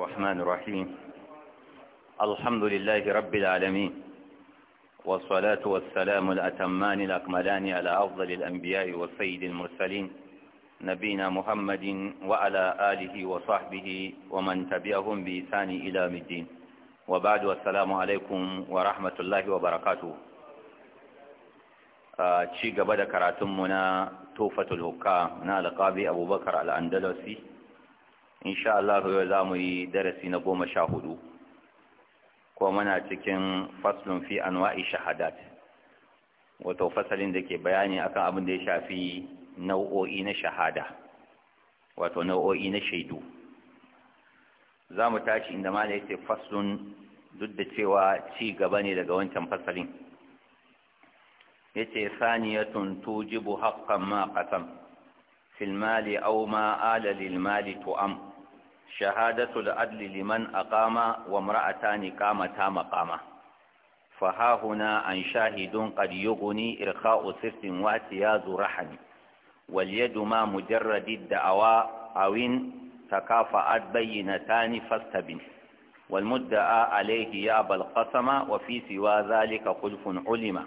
الرحمن الرحيم الحمد لله رب العالمين والصلاة والسلام الأتمان الأكملان على أفضل الأنبياء والسيد المرسلين نبينا محمد وعلى آله وصحبه ومن تبعهم بإسان إلى مدين وبعد والسلام عليكم ورحمة الله وبركاته آه، شيء قبل كراتمنا توفة الهكا نالقابي أبو بكر الأندلسي sha Allah yau za mu yi darasi na goma sha hudu ko muna cikin faslun fi anwa'i shahadat wato fasalin da ke bayani akan abin da ya shafi nau'o'i na shahada wato nau'o'i na shaidu za mu tashi inda ma ce faslun duk da cewa ci gaba ne daga wancan fasalin yace saniyatun tujibu haqqan ma qasam filmali au ma alalil mali tu'am شهادة العدل لمن أقام وامرأتان قامتا مقاما فها هنا أن شاهد قد يغني إرخاء سر واتياز رحم واليد ما مجرد الدعوى أو تكافأت بينتان فاستبن والمدعى عليه ياب القسم وفي سوى ذلك خلف علم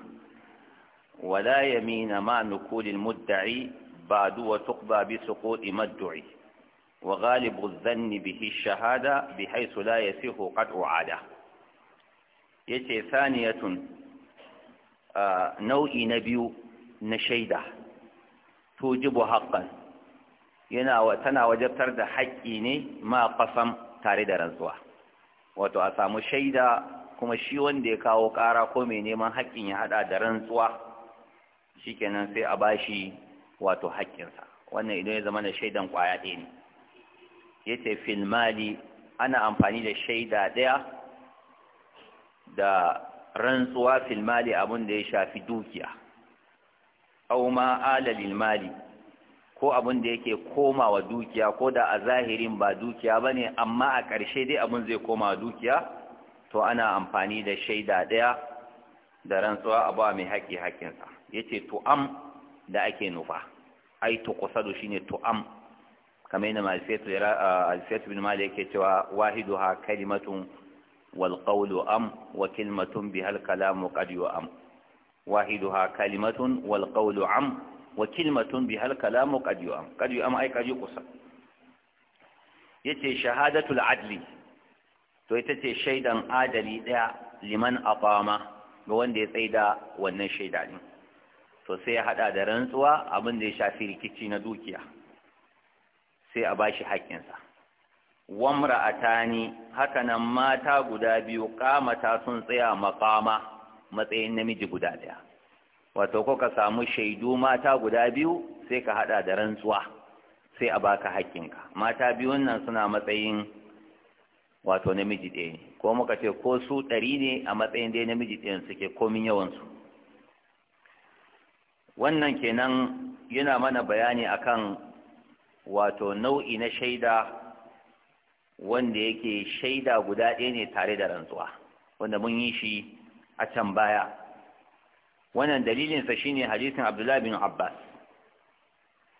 ولا يمين ما نقول المدعي بعد وتقضى بسقوط ما مدعي wa ghalibu dhanni bihi shahada ya la yasihu qad'u ada yace saniyatun nau'i na biyu na shaida tujibu haqqan yana tana wajabtar da haƙƙi ne ma qasam tare da rantsuwa wato a samu shaida kuma shi wanda ya kawo ƙara ko mai neman haƙƙin ya haɗa da rantsuwa shikenan sai a bashi wato haƙƙinsa wannan idan ya zama da shaidan ƙwaya ɗaya ne yace fil mali ana amfani da shaida ɗaya da rantsuwa fil mali abun da ya shafi dukiya Auma ma ala lil mali ko abun da yake komawa dukiya ko da a zahirin ba dukiya bane amma a ƙarshe dai abun zai koma dukiya to ana amfani da shaida ɗaya da rantsuwa a ba mai haƙi haƙinsa yace tu'am da ake nufa ai tuqsadu shine tu'am kamar yadda alfiyatu bin mali yake cewa wahidu ha kalimatun wal qawlu am wa kalimatun bi hal kalamu qad am wahidu ha kalimatun wal qawlu am wa kalimatun bi hal kalamu qad am qad am ai qad kusa yace shahadatul adli to ita ce shaidan adali daya liman aqama ga wanda ya tsaida wannan shaida din to sai ya hada da rantsuwa abin da ya shafi rikici na dukiya sai a bashi haƙƙinsa wamra a atani nan mata guda biyu ƙamata sun tsaya makama matsayin namiji guda ɗaya wato ko ka samu shaidu mata guda biyu sai ka haɗa da rantsuwa sai a baka haƙƙinka mata biyun nan suna matsayin wato namiji ɗaya ne ko muka ce ko su ɗari ne a matsayin dai namiji ɗayan suke komin yawansu wannan kenan yana mana bayani akan wato nau'i na shaida wanda yake shaida guda ɗaya ne tare da rantsuwa wanda mun yi shi a can baya wannan dalilinsa shine hadisin abdullahi bin abbas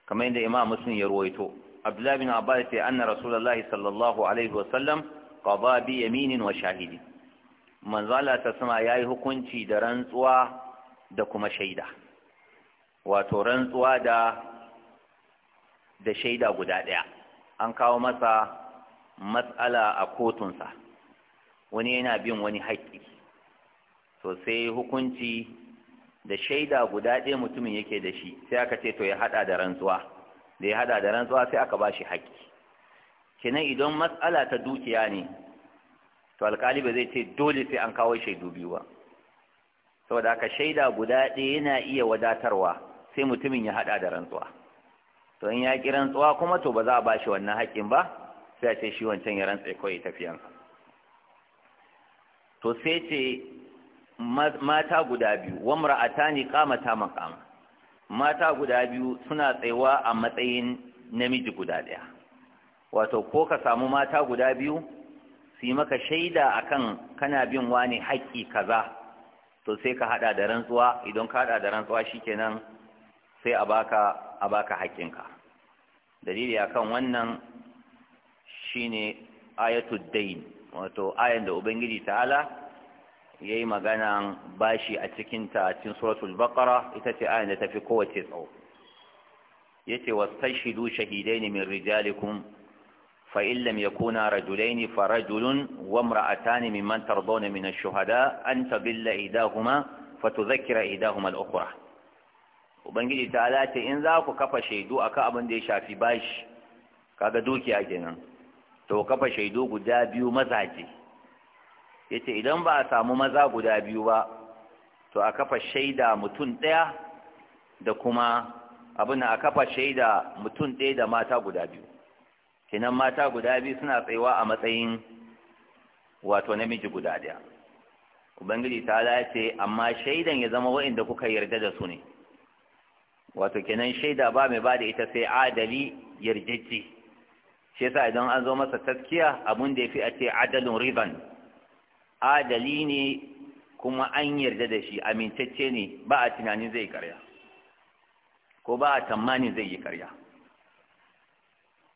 kamar yadda imam muslim ya ruwaito abdullahi bin abbas sai anna rasulullahi sallallahu alaihi wasallam qada bi yaminin wa shahidi manzala ta sama yayi hukunci da rantsuwa da kuma shaida wato rantsuwa da da shaida guda ɗaya an kawo masa matsala a kotunsa wani yana bin wani haƙƙi to sai hukunci da shaida guda ɗaya mutumin yake da shi sai aka ce to ya haɗa da rantsuwa da ya haɗa da rantsuwa sai aka ba shi haƙƙi kenan idan matsala ta dukiya ne to alƙali ba zai ce dole sai an kawo shaidu biyu ba saboda haka shaida guda ɗaya yana iya wadatarwa sai mutumin ya haɗa da rantsuwa to in ya ki rantsuwa kuma to ba za a ba shi wannan haƙƙin ba sai a ce shi wancan ya rantse kawai tafiyansa to sai ce mata guda biyu wa kama ta makama mata guda biyu suna tsayuwa a matsayin namiji guda ɗaya wato ko ka samu mata guda biyu su yi maka shaida akan kana bin wani haƙƙi kaza to sai ka haɗa da rantsuwa idan ka haɗa da rantsuwa shi shikenan sai a baka a baka haƙƙinka dalili akan wannan shine ayatul dain wato ayan da ubangiji ta'ala yayi magana bashi a cikin ta cikin suratul baqara ita ce ayan da tafi kowace tsawo yace wastashidu shahidaini min rijalikum fa in lam yakuna rajulaini fa rajulun wa imra'atani mimman tardawna min ash-shuhada an tabilla idahuma فتذكر إيداهما الأخرى ubangiji ta dace in za ku kafa shaidu a abin da ya shafi bashi kaga dukiya kenan to kafa shaidu guda biyu mazaje yace idan ba a samu maza guda biyu ba to a kafa shaida mutum ɗaya da kuma abin a kafa shaida mutum ɗaya da mata guda biyu kenan mata guda biyu suna tsayuwa a matsayin wato namiji guda ɗaya ubangiji ta ce amma shaidan ya zama waɗanda kuka yarda da su ne wato kenan shaida ba mai ba da ita sai adali yarjejje shi yasa idan an zo masa taskiya abun da yafi a ce adalin riban adali ne kuma an yarda da shi amintacce ne ba a tunanin zai karya ko ba a tamanin zai yi karya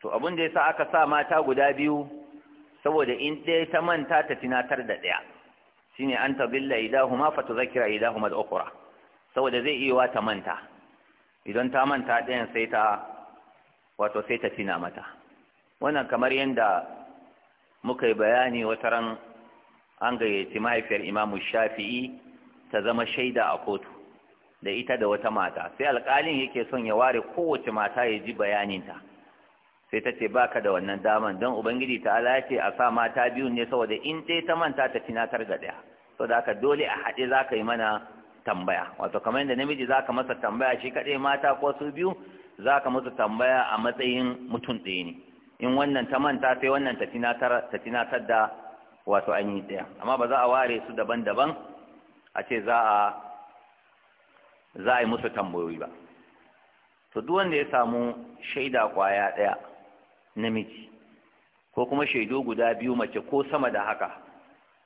to abun da yasa aka sa mata guda biyu saboda in ɗaya ta manta ta tunatar da ɗaya shine an tabilla idahuma fa tudhakkira idahuma al-ukhra saboda zai iya wa ta manta idan ta manta ɗayan sai ta wato sai ta tina mata wannan kamar yadda muka yi bayani wata ran an gayyaci mahaifiyar imamu shafi'i ta zama shaida a kotu da ita da wata mata sai alƙalin yake son ya ware kowace mata ya ji bayaninta sai ta ce baka da wannan daman don ubangiji ta ala ce a sa mata biyun ne saboda in ɗaya ta manta ta tinatar ga ɗaya saboda haka dole a haɗe za ka yi mana tambaya wato kamar yadda namiji za ka masa tambaya shi kaɗai mata ko su biyu za ka masa tambaya a matsayin mutum ɗaya ne in wannan ta manta sai wannan ta tinatar da wato an yi ɗaya amma ba za a ware su daban-daban a ce za a za a yi musu tambayoyi ba to duk wanda ya samu shaida kwaya ɗaya namiji ko kuma shaidu guda biyu mace ko sama da haka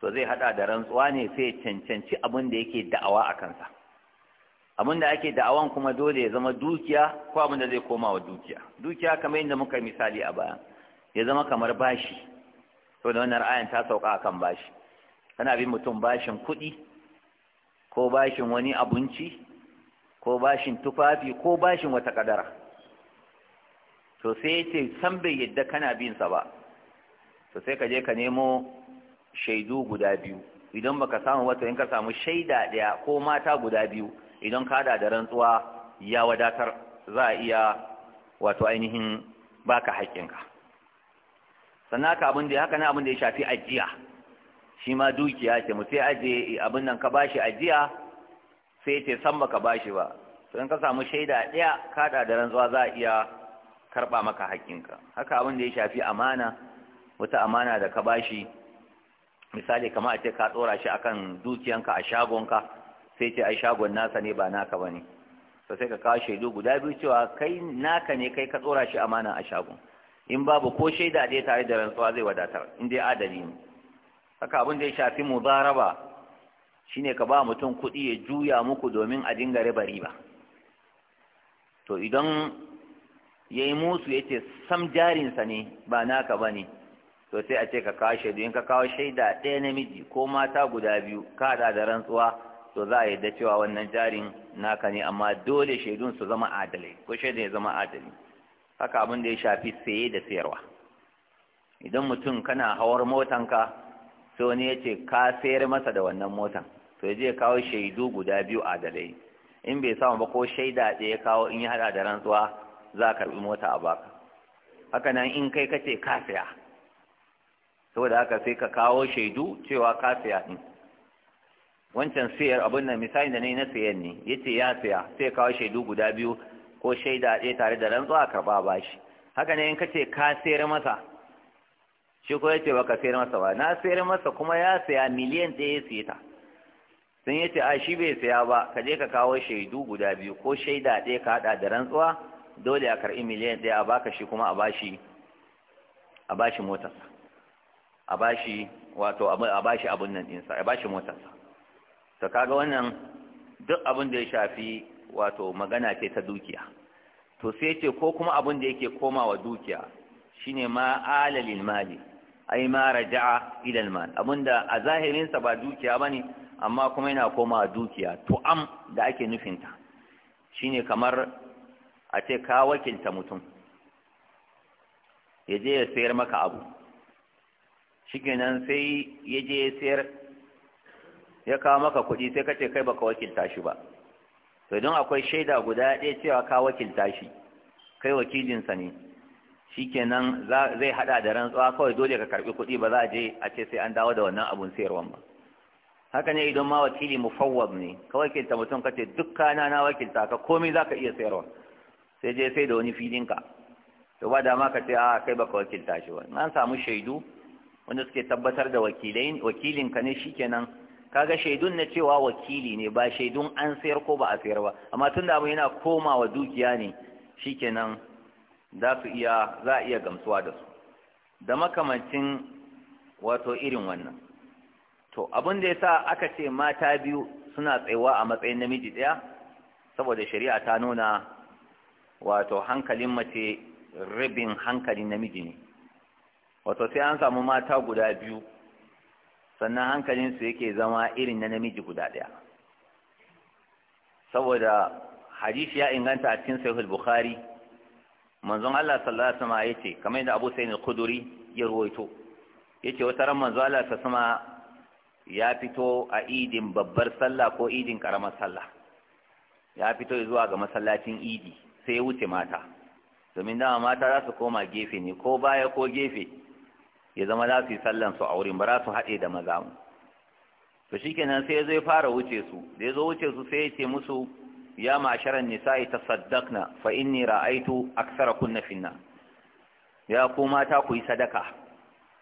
to zai hada da rantsuwa ne sai cancanci abin da yake da'awa a kansa abin da ake da'awan kuma dole ya zama dukiya ko abin da zai koma wa dukiya dukiya kamar yadda muka yi misali a baya ya zama kamar bashi to da wannan ra'ayin ta sauka a kan bashi kana bin mutum bashin kuɗi ko bashin wani abinci ko bashin tufafi ko bashin wata kadara to sai ya ce san bai yadda kana bin sa ba to sai ka je ka nemo shaidu guda biyu idan baka samu wata in ka samu shaida daya ko mata guda biyu idan ka da rantsuwa ya wadatar za a iya wato ainihin baka haƙƙinka sannan ka abin da haka na abin da ya shafi ajiya shi ma dukiya ce mu sai aje abin nan ka bashi ajiya sai ce san baka bashi ba to in ka samu shaida daya ka da rantsuwa za a iya karba maka haƙƙinka haka abin da ya shafi amana wata amana da ka bashi misali kamar a ce ka tsora shi akan dukiyanka a shagonka sai ce ai shagon nasa ne ba naka bane to sai ka kawo shaidu guda biyu cewa kai naka ne kai ka tsora shi amana a shagon in babu ko shaida dai tare da rantsuwa zai wadatar in dai adali ne haka abin da ya shafi mu zaraba shine ka ba mutum kuɗi ya juya muku domin a dinga riba riba to idan yayi musu yace ce sam jarinsa ne ba naka bane to sai a ce ka kawo shaidu in ka kawo shaida ɗaya namiji ko mata guda biyu ka haɗa da rantsuwa to za a yarda cewa wannan jarin naka ne amma dole shaidun su zama adalai ko shaidun ya zama adali haka abin da ya shafi saye da sayarwa idan mutum kana hawar motanka sai wani ya ce ka sayar masa da wannan motan to ya je kawo shaidu guda biyu adalai in bai samu ba ko shaida ɗaya kawo in ya haɗa da rantsuwa za a karɓi mota a baka haka nan in kai ka ce ka saya saboda haka sai ka kawo shaidu cewa ka siya ɗin wancan siyar abin nan misali da ne na siyan ne ya ce ya siya sai kawo shaidu guda biyu ko shaida ɗaya tare da rantsuwa karɓa bashi haka ne in ka ce ka siyar masa shi ko ba ka siyar masa ba na siyar masa kuma ya siya miliyan ɗaya ya siya ta sun ce a shi bai siya ba ka je ka kawo shaidu guda biyu ko shaida ɗaya ka haɗa da rantsuwa dole a karɓi miliyan ɗaya a baka shi kuma a bashi a bashi motarsa a bashi wato a bashi abun nan ɗinsa a bashi motarsa to kaga wannan duk abin da ya shafi wato magana ce ta dukiya to sai ce ko kuma abin da yake komawa dukiya shine ma alalil mali ai ma raja'a ila almal da a zahirinsa ba dukiya bane amma kuma yana komawa dukiya to am da ake nufin ta shine kamar a ce ka wakilta mutum ya je ya sayar maka abu shikenan sai ya je sayar ya kawo maka kuɗi sai ka ce kai baka wakilta shi ba to don akwai shaida guda ɗaya cewa ka wakilta shi kai wakilinsa ne shikenan zai haɗa da rantsuwa kawai dole ka karbi kuɗi ba za a je a ce sai an dawo da wannan abun sayarwan ba haka ne idan ma wakili mufawwab ne ka wakilta mutum ka ce dukka na wakilta ka komai za ka iya sayarwa sai je sai da wani filinka to ba dama ka ce a kai baka wakilta shi ba an samu shaidu wanda suke tabbatar da wakilin ka ne shikenan kaga shaidun na cewa wakili ne ba shaidun an sayar ko ba a sayar ba amma tun da abu yana komawa dukiya ne shikenan za su iya za iya gamsuwa da su da makamancin wato irin wannan to abin da yasa aka ce mata biyu suna tsayuwa a matsayin namiji daya saboda shari'a ta nuna wato hankalin mace rabin hankalin namiji ne wato sai an samu mata guda biyu sannan hankalinsu yake zama irin na namiji guda ɗaya saboda hadisi ya inganta a cikin sahih bukhari manzon Allah sallallahu alaihi wasallam yace kamar yadda Abu Sa'id al-Khudri ya ruwaito yace wata ran manzon Allah sallallahu alaihi wasallam ya fito a idin babbar sallah ko idin karamar sallah ya fito zuwa ga masallacin idi sai ya wuce mata domin dama mata za su koma gefe ne ko baya ko gefe ya zama za su yi sallan su a wurin ba za su haɗe da maza mu. to kenan sai zai fara wuce su da ya zo wuce su sai ya ce musu ya ma'asharan nisa'i tasaddaqna fa inni ra'aytu kunna finna ya ku mata ku yi sadaka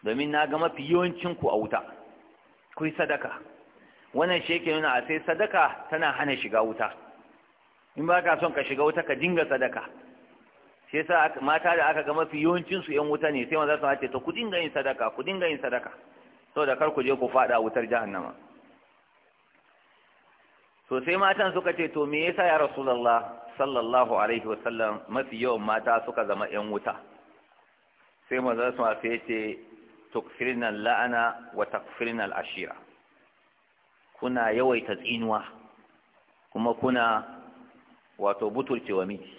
domin na ga mafi yawancin ku a wuta ku yi sadaka wannan shi yake nuna a sai sadaka tana hana shiga wuta in ba ka son ka shiga wuta ka dinga sadaka shi yasa mata da aka ga mafi yawancin su yan wuta ne sai wanda su ce to ku dinga yin sadaka ku dinga yin sadaka da kar ku je ku fada wutar jahannama to sai matan suka ce to me yasa ya rasulullah sallallahu alaihi wa sallam mafi yawan mata suka zama yan wuta sai za su ma sai ce tukfirna la'ana wa takfirna ashira kuna yawaita tsinuwa kuma kuna wato butulcewa miji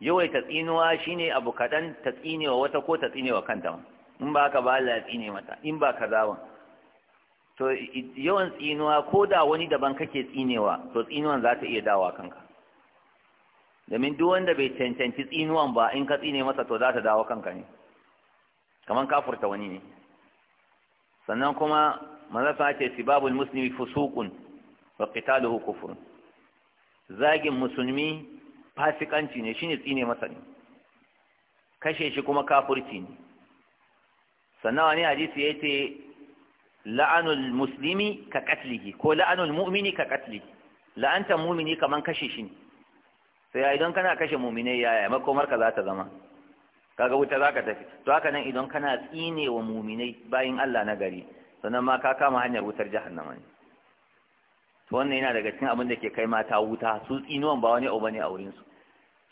yawaita tsinuwa shine abu kaɗan ta tsinewa wata ko ta tsinewa kanta ma in ba ka ba Allah ya tsine mata in ba ka zawa to yawan tsinuwa ko da wani daban kake tsinewa to tsinuwan za ta iya dawa kanka domin duk wanda bai cancanci tsinuwan ba in ka tsine masa to za ta dawo kanka ne ka kafurta wani ne sannan kuma manzasa ce sibabul muslimi fusuqun wa qitaluhu kufrun zagin musulmi fasikanci ne shine tsine masa ne kashe shi kuma kafurci ne sannan wani hadisi ya ce la'anul muslimi ka katlihi ko la'anul mu'mini ka katlihi la'anta mu'mini kaman kashe shi ne sai idan kana kashe ya yaya makomar ka za ta zama kaga wuta za ka tafi to haka nan idan kana tsine wa mu'minai bayin Allah na gari sannan ma ka kama hanyar wutar jahannama ne to wannan yana daga cikin abin da ke kai mata wuta su tsinuwan ba wani abu ne a wurin su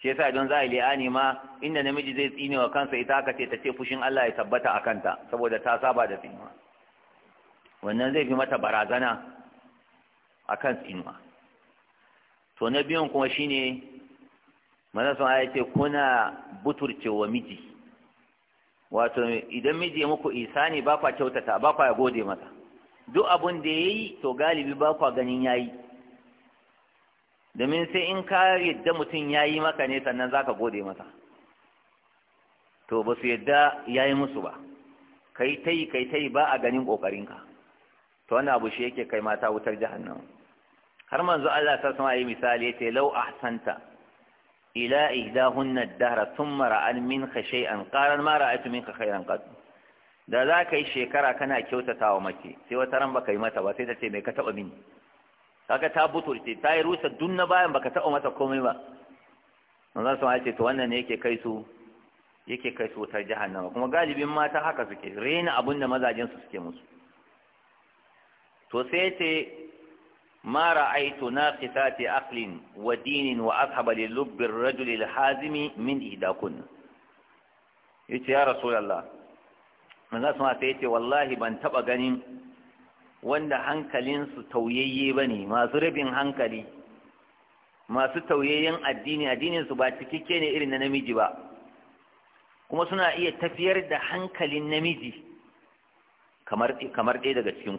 shi yasa don za a li'ani ma inda namiji zai tsine wa kansa ita aka ce ta ce fushin Allah ya tabbata a kanta saboda ta saba da tsinuwa wannan zai fi mata barazana akan tsinuwa to na biyun kuma shine manzon ya ce kuna buturce wa miji wato idan miji ya muku isani ba kwa kyautata ba kwa gode masa duk abin da ya yi to galibi ba kwa ganin ya yi domin sai in ka yadda mutum ya yi maka ne sannan za ka gode masa to ba su yadda ya yi musu ba kai ta yi kai ta yi ba a ganin ƙoƙarinka to wani abu shi yake kai mata wutar nan. har manzo Allah ta sama yi misali ya ce lau ahsanta ila ihdahunna dahra thumma ra'an minka shay'an qaran ma ra'aytu minka khayran qad da za ka yi shekara kana kyautata wa mace sai wata ran baka yi mata ba sai ta ce mai ka taɓa mini kaga ta ce, ta yi rusa dun na bayan baka taɓa mata komai ba su ma ce to wannan ne yake kai su yake kai su wutar jahannama kuma galibin mata haka suke rena abin da mazajen su suke musu to sai ce ma ra'aitu naqisati aqlin wa dinin wa azhaba lil lubbi ar-rajuli hazimi min Ya yace ya rasulullah manzo sama sai yace wallahi ban taba ganin wanda hankalinsu tauyayye bane masu rabin hankali masu tauyayyen addini addininsu ba cikakke ne irin na namiji ba kuma suna iya tafiyar da hankalin namiji kamar kamar ɗaya daga cikin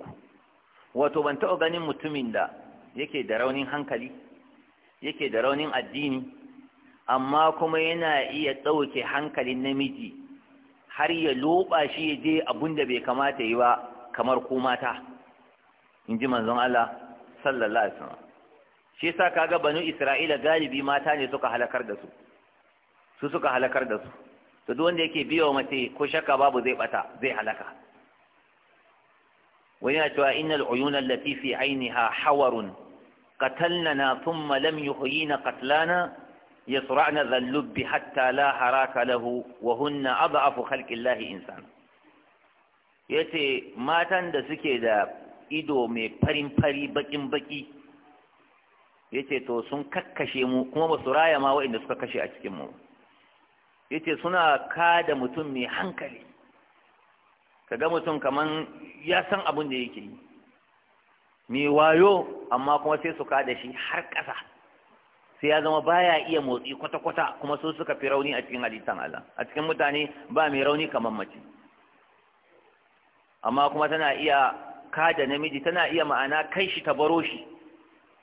wato ban taɓa ganin mutumin da yake da raunin hankali yake da raunin addini amma kuma yana iya ɗauke hankalin namiji har ya loba shi ya je abun da bai kamata yi ba kamar ko mata in ji manzon Allah sallallahu alaihi wasallam shi yasa kaga banu Isra'ila galibi mata ne suka halakar da su su suka halakar da su to duk wanda yake biyo mace ko shakka babu zai bata zai halaka wani ya cewa innal uyun allati fi ainiha hawarun qatalna thumma lam yuhyina qatlana يصرعن ذا اللب حتى لا حراك له وهن أضعف خلق الله إنسان yace matan da suke da ido mai farin fari bakin baki yace to sun kakkashe mu kuma ba su raya ma waɗanda suka kashe a cikin mu yace suna kada mutum mai hankali kaga mutum kaman ya san abin da yake yi mai wayo amma kuma sai su kada shi har ƙasa sai ya zama baya iya motsi kwata-kwata kuma su suka fi rauni a cikin halittan Allah a cikin mutane ba mai rauni kamar mace amma kuma tana iya kada namiji tana iya ma'ana kai shi ta baro shi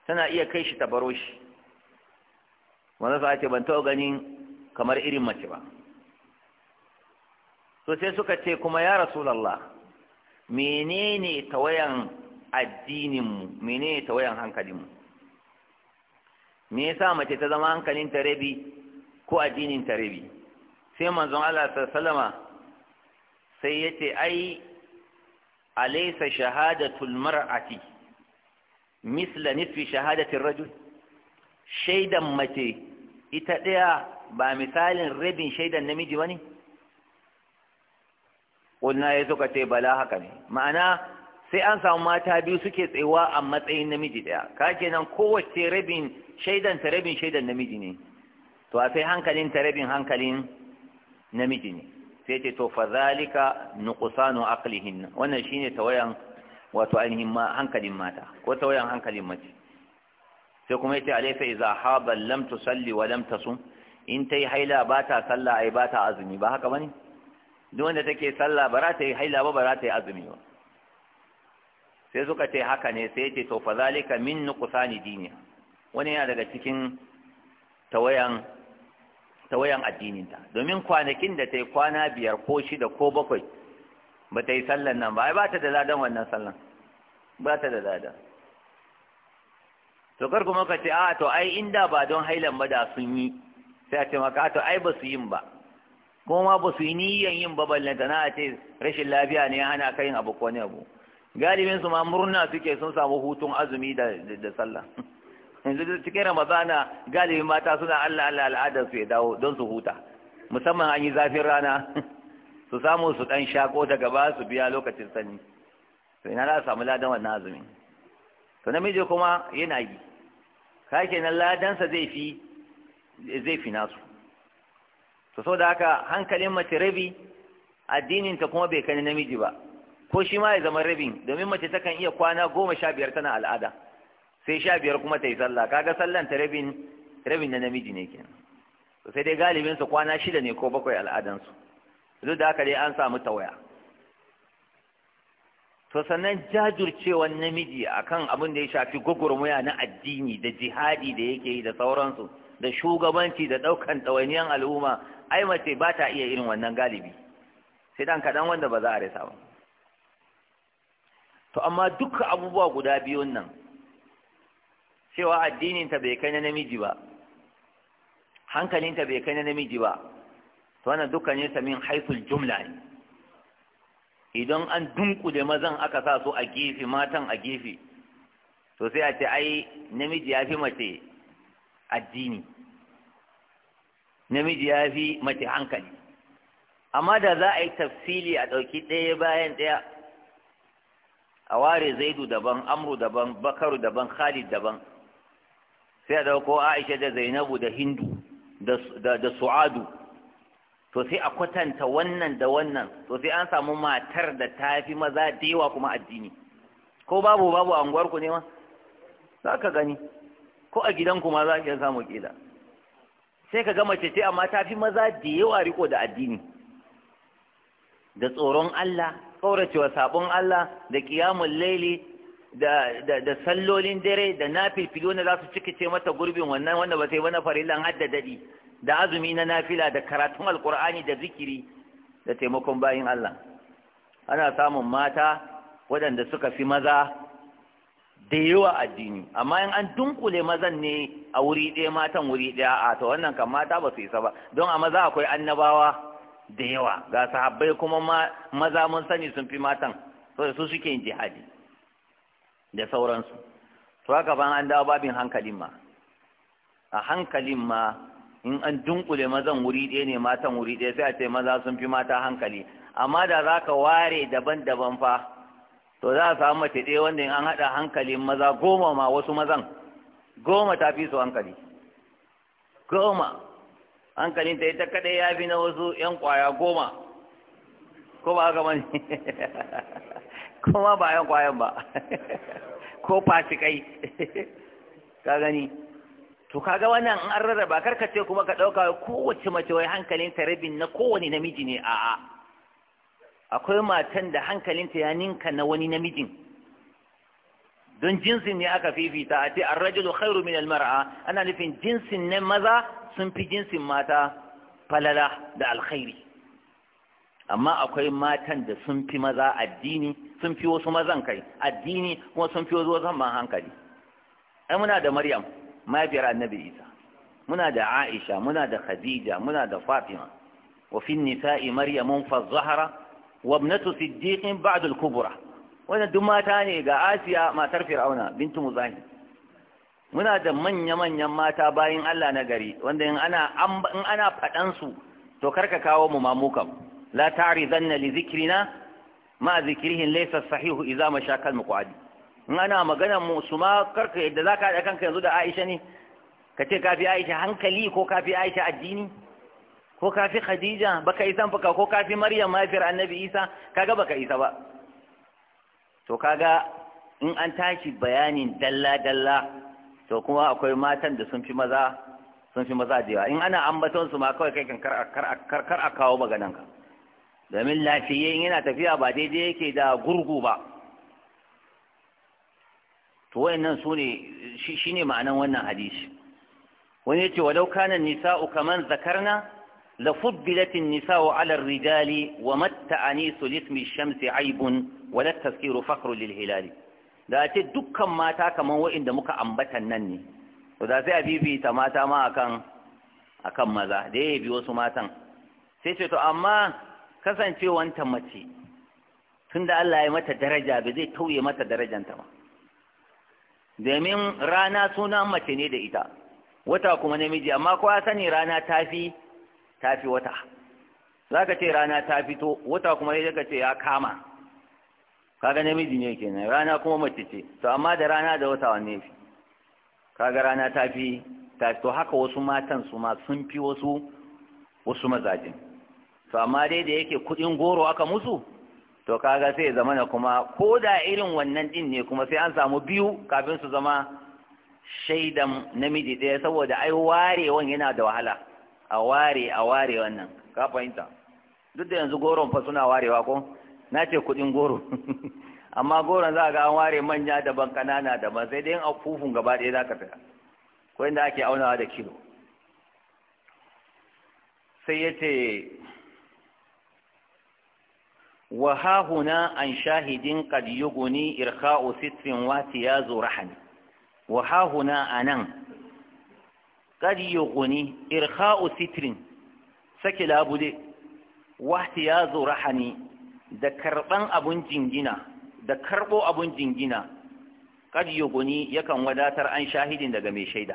tana iya kai shi ta baro shi wanda sa ce ban taɓa ganin kamar irin mace ba to sai suka ce kuma ya rasulallah menene tawayan addininmu menene tawayan hankalinmu me yasa mace ta zama hankalin ta rabi ko addinin ta rabi sai manzon Allah sallama sai yace ai alaysa shahadatul mar'ati misla nisfi shahadatir rajul shaidan mace ita ɗaya ba misalin rabin shaidan namiji bane Wannan ya suka bala haka ne ma'ana sai an samu mata biyu suke tsayuwa a matsayin namiji ɗaya ka kenan kowace rabin shaidan ta rabin shaidan namiji ne to a sai hankalin ta rabin hankalin namiji ne sai ce to fa zalika nuqsanu aqlihin wannan shine tawayan wato ainihin ma hankalin mata ko tawayan hankalin mace sai kuma yace alaysa idza haba lam tusalli wa lam tasum in tayi haila ba ta sallah ai ba ta azumi ba haka bane duk wanda take sallah ba za ta yi haila ba ba za ta yi azumi ba sai suka ce haka ne sai ce to fazalika min nuqsani dini wani yana daga cikin tawayan tawayan addininta domin kwanakin da ta yi kwana biyar ko shida ko bakwai ba ta yi sallan nan ba ai ba ta da ladan wannan sallan ba ta da ladan to kar kuma ka ce a to ai inda ba don hailan ba da sun yi sai a ce maka to ai ba su yin ba kuma ba su yi niyan yin ba balle da na ce rashin lafiya ne ya hana ka yin abu ko ne abu galibin su ma murna suke sun samu hutun azumi da da sallah yanzu cikin ramadana galibin mata suna Allah Allah al'ada su ya dawo don su huta musamman an yi zafin rana su samu su dan shako da ba su biya lokacin sanyi to ina za samu ladan wannan azumi. to namiji kuma yana yi kake nan sa zai fi zai fi nasu to saboda haka hankalin mace rabi addinin ta kuma bai kai namiji ba ko shi ma ya zama rabin domin mace takan iya kwana goma sha biyar tana al'ada sai sha biyar kuma ta yi sallah kaga sallan ta rabin rabin na namiji ne kenan to sai dai galibin su kwana shida ne ko bakwai al'adan su duk da haka dai an samu tawaya to sannan jajircewan namiji akan abin da ya shafi gwagwarmaya na addini da jihadi da yake yi da sauransu da shugabanci da ɗaukan ɗawainiyar al'umma ai mace ba ta iya irin wannan galibi sai dan kaɗan wanda ba za a rasa ba to amma duka abubuwa guda biyun nan cewa addininta bai kai na namiji ba hankalinta bai kai na namiji ba to wannan dukkaninsa min haifin jumla ne idan an dunkule mazan aka sa su a gefe matan a gefe to sai a ce ai namiji ya fi mace addini namiji ya fi mace hankali amma da za a yi tafsili a ɗauki ɗaya bayan ɗaya a ware zaidu daban amru daban bakaru daban khalid daban sai a dauko aisha da zainabu da hindu da su'adu to sai a kwatanta wannan da wannan to sai an samu matar da ta fi maza da yawa kuma addini ko babu babu a unguwarku ne ma za ka gani ko a gidanku ma za ka samu kila sai ka ga mace ce amma ta fi maza da yawa riko da addini da tsoron Allah cewa sabon Allah da qiyamul laili da da da sallolin dare da nafilfilo na zasu cikice mata gurbin wannan wanda ba sai wani farillan dadi da azumi na nafila da karatun alqur'ani da zikiri da taimakon bayin Allah ana samun mata waɗanda suka fi maza da yawa addini amma in an dunkule mazan ne a wuri ɗaya matan wuri ɗaya a to wannan kan mata ba su isa ba don a maza akwai annabawa da yawa ga sahabbai kuma maza mun sani sun fi matan so su suke yin jihadi da sauransu to haka ban an dawo babin hankalin ma a hankalin ma in an dunkule mazan wuri ɗaya ne matan wuri ɗaya sai a ce maza sun fi mata hankali amma da za ka ware daban-daban fa to za a samu mace ɗaya wanda in an haɗa hankalin maza goma ma wasu mazan goma ta fi su hankali goma ta ita kaɗai ya fi na wasu ‘yan ƙwaya goma ko ba haka mani kuma ba ‘yan ƙwayan ba ko fasikai ka gani to kaga wannan an rarraba karkace kuma ka ɗauka kowace mace wai hankalinta rabin na kowane namiji ne a'a akwai matan da hankalinta ya ninka na wani namijin don jinsin ne aka fifita a ce arrajulu khairu min almar'a ana nufin jinsin ne maza sun fi jinsin mata falala da alkhairi amma akwai matan da sun fi maza addini sun fi wasu mazan kai addini kuma sun fi wasu wasan man hankali ai muna da maryam mahaifiyar annabi isa muna da aisha muna da khadija muna da fatima wa fi nisa'i maryamun fa zahara wa ibnatu siddiqin ba'd al-kubra wannan duk mata ne ga Asiya matar Fir'auna bintu Muzahi muna da manya-manyan mata bayin Allah na gari wanda in ana in ana fadan su to karka kawo mu mamukan la ta'ridanna li zikrina ma zikrihin laysa sahihu idza mashakal muqadi in ana magana mu su ma karka yadda zaka da kanka yanzu da Aisha ne ka ce kafi Aisha hankali ko kafi Aisha addini ko kafi Khadija baka isan baka ko kafi Maryam mafiyar Annabi Isa kaga baka isa ba to kaga in an tashi bayanin dalla dalla to kuma akwai matan da sun fi maza sun fi maza da yawa in ana ambaton su ma kawai kai kan kar a kawo maganan ka domin lafiye in yana tafiya ba daidai yake da gurgu ba to wayannan su ne shi ne ma'anan wannan hadisi wani yace walau kana nisa'u kaman zakarna لفضلت wa على الرجال وما التأنيس لاسم الشمس عيب ولا التذكير Lil للهلال da a ce dukkan mata kamar wa'inda muka ambatan nan ne to da sai a bibita mata ma akan akan maza da ya bi wasu matan sai ce to amma kasancewanta mace tunda Allah ya mata daraja ba zai tauye mata darajanta ba domin rana sunan mace ne da ita wata kuma namiji amma kowa sani rana tafi ta fi wata za ka ce rana ta fito wata kuma ya ka ce ya kama kaga namiji ne kenan rana kuma mace ce to amma da rana da wata wanne fi kaga rana ta fi ta to haka wasu matan su ma sun fi wasu wasu mazajin to amma dai da yake kuɗin goro aka musu to kaga sai zama na kuma ko da irin wannan din ne kuma sai an samu biyu kafin su zama shaidan namiji ɗaya saboda ai warewan yana da wahala a ware a ware wannan ka fahimta duk da yanzu goron fa suna warewa ko na ce kuɗin goro amma goron za ga an ware manya daban ƙanana daban sai dai a fufun gaba ɗaya za ka fita. ko inda ake aunawa da kilo sai ya ce wa hahuna an shahidin kad yuguni irkha'u sitrin wati ya rahani wa hahuna anan قد يغني إرخاء ستر سكي لابد واحتياز رحني da karɓan abun jingina da karɓo abun jingina kad yakan wadatar an shahidin daga mai shaida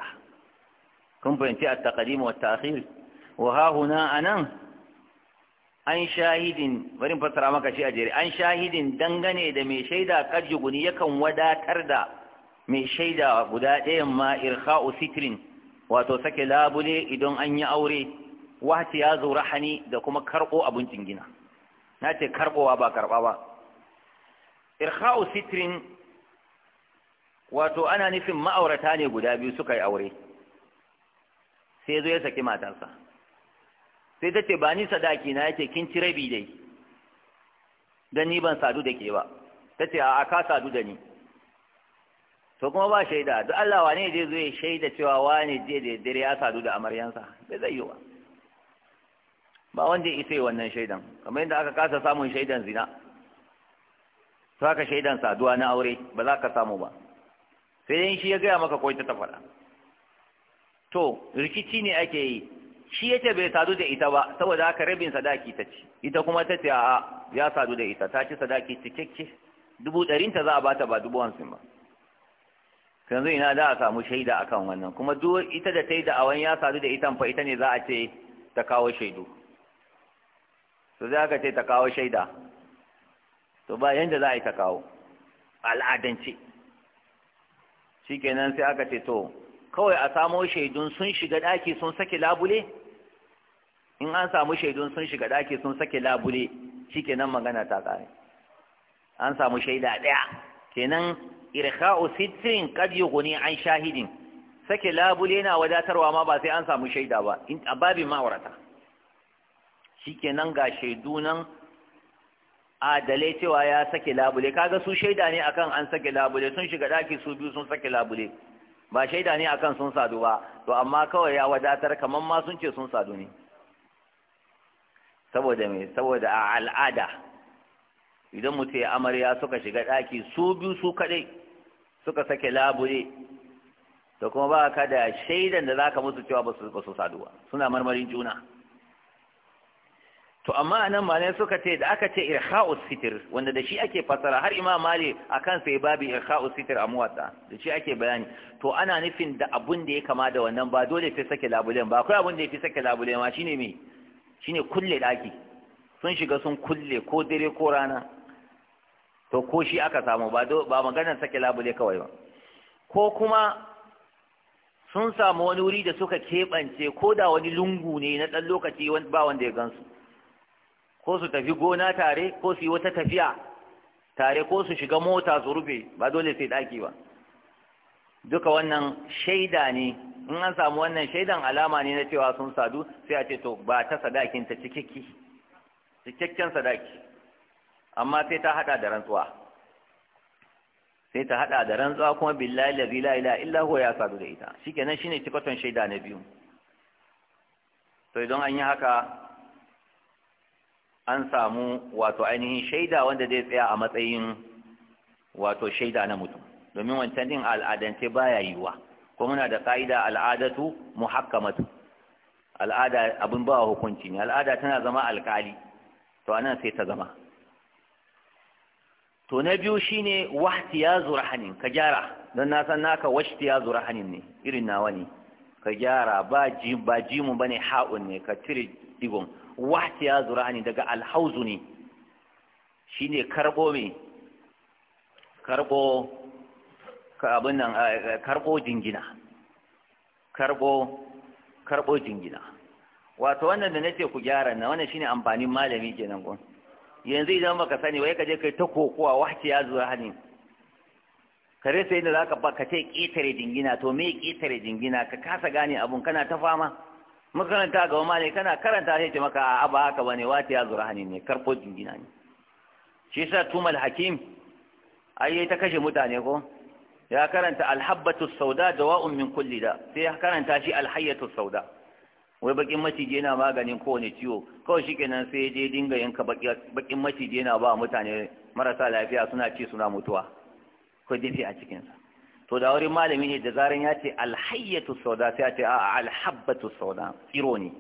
kun fahimci a taqdim wa ta'khir wa ha huna anan an shahidin bari fassara maka shi a jere an shahidin dangane da mai shaida kad yakan wadatar da mai shaida guda ɗaya ma irkha'u sitirin. wato sake labule idan an yi aure wahati ya zo rahani da kuma karɓo abin jingina na ce karɓowa ba karɓa ba irha'u sitrin wato ana nufin ma'aurata ne guda biyu suka yi aure sai zo ya saki matarsa sai ta ce ba ni sadaki na yake kin ci rabi dai don ni ban sadu da ke ba ta ce a ka sadu da ni to kuma ba shaida duk Allah wane je zai shaida cewa wane je da dare ya sadu da amaryansa bai zai yi ba wanda ya isa wannan shaidan kamar yadda aka kasa samun shaidan zina to haka shaidan saduwa na aure ba za ka samu ba sai dai shi ya gaya maka ko ita ta faɗa to rikici ne ake yi shi yake bai sadu da ita ba saboda haka rabin sadaki ta ci ita kuma ta ce a'a ya sadu da ita ta ci sadaki cikakke dubu ɗarin za a bata ba dubu hamsin ba yanzu ina za a samu shaida akan wannan kuma duk ita da ta yi da'awan ya sadu da ita fa ita ne za a ce ta kawo shaidu to za ka ce ta kawo shaida to ba yanda za a yi ta kawo al'adance kenan sai aka ce to kawai a samo shaidun sun shiga ɗaki sun sake labule in an samu shaidun sun shiga ɗaki sun sake labule kenan magana ta ƙare an samu shaida ɗaya kenan irkha'u usitrin kad yughni an shahidin sake labule na wadatarwa ma ba sai an samu shaida ba in babin ma'aurata shikenan ga shaidu nan adale cewa ya sake labule kaga su shaida ne akan an sake labule sun shiga daki su biyu sun sake labule ba shaida ne akan sun sadu ba to amma kawai ya wadatar kaman ma sun ce sun sadu ne saboda me saboda a al'ada idan mutum ya amarya suka shiga daki su biyu su kadai suka sake labule da kuma ba ka da shaidan da za ka musu cewa ba su saduwa suna marmarin juna to amma nan malai suka ce da aka ce irha'u sitir wanda da shi ake fasara har imam mali akan sai babu irha'u sitir a muwatta da shi ake bayani to ana nufin da abun da ya kama da wannan ba dole fi sake labulen ba akwai abun da ya fi sake labulen ma shine me shine kulle daki sun shiga sun kulle ko dare ko rana to ko shi aka samu ba ba maganar sake labule kawai ba ko kuma sun samu wani wuri da suka keɓance ko da wani lungu ne na ɗan lokaci ba wanda ya gansu ko su tafi gona tare ko su yi wata tafiya tare ko su shiga mota su rufe ba dole sai ɗaki ba duka wannan shaida ne in an samu wannan shaidan alama ne na cewa sun sadu sai a ce to ba ta sadakin ta cikakken sadaki amma sai ta hada da rantsuwa sai ta hada da rantsuwa kuma billahi la ilaha illa huwa ya sadu da ita shikenan shine tikaton shaida na biyu to idan an yi haka an samu wato ainihin shaida wanda zai tsaya a matsayin wato shaida na mutum domin wancan din al'adance baya yiwa ko muna da ka'ida al'adatu muhakkamatu al'ada abin ba hukunci ne al'ada tana zama alkali to anan sai ta zama to na biyu shine wahtiyazu rahanin ka gyara don na san naka wahtiyazu rahanin ne irin nawa ne ka gyara ba ji ba jimu bane ha'un ne ka tire digon wahtiyazu rahanin daga alhauzu ne shine karbo me karbo ka abin nan eh, eh, karbo jingina karbo karbo jingina wato wannan da nace ku gyara na wannan shine amfanin malami kenan gon yanzu idan baka sani wai ka je kai ta kokowa wace ya zuwa hani ka rasa yadda za ka ba ka ce ƙetare jingina to me ƙetare jingina ka kasa gane abun kana ta fama makaranta ga ma ne kana karanta sai ce maka a ba haka bane wace ya zuwa hani ne karfo jingina ne shi sa tumal hakim ai ta kashe mutane ko ya karanta alhabbatus sauda dawa'un min kulli da sai ya karanta shi alhayyatus sauda wai bakin maciji yana maganin kowane ciwo kawai shikenan sai je dinga yanka bakin maciji yana ba mutane marasa lafiya suna ci suna mutuwa ko dafi a cikinsa to da wurin malami ne da zaran ya ce alhayyatu sauda sai ya ce a alhabbatu sauda tsiro ne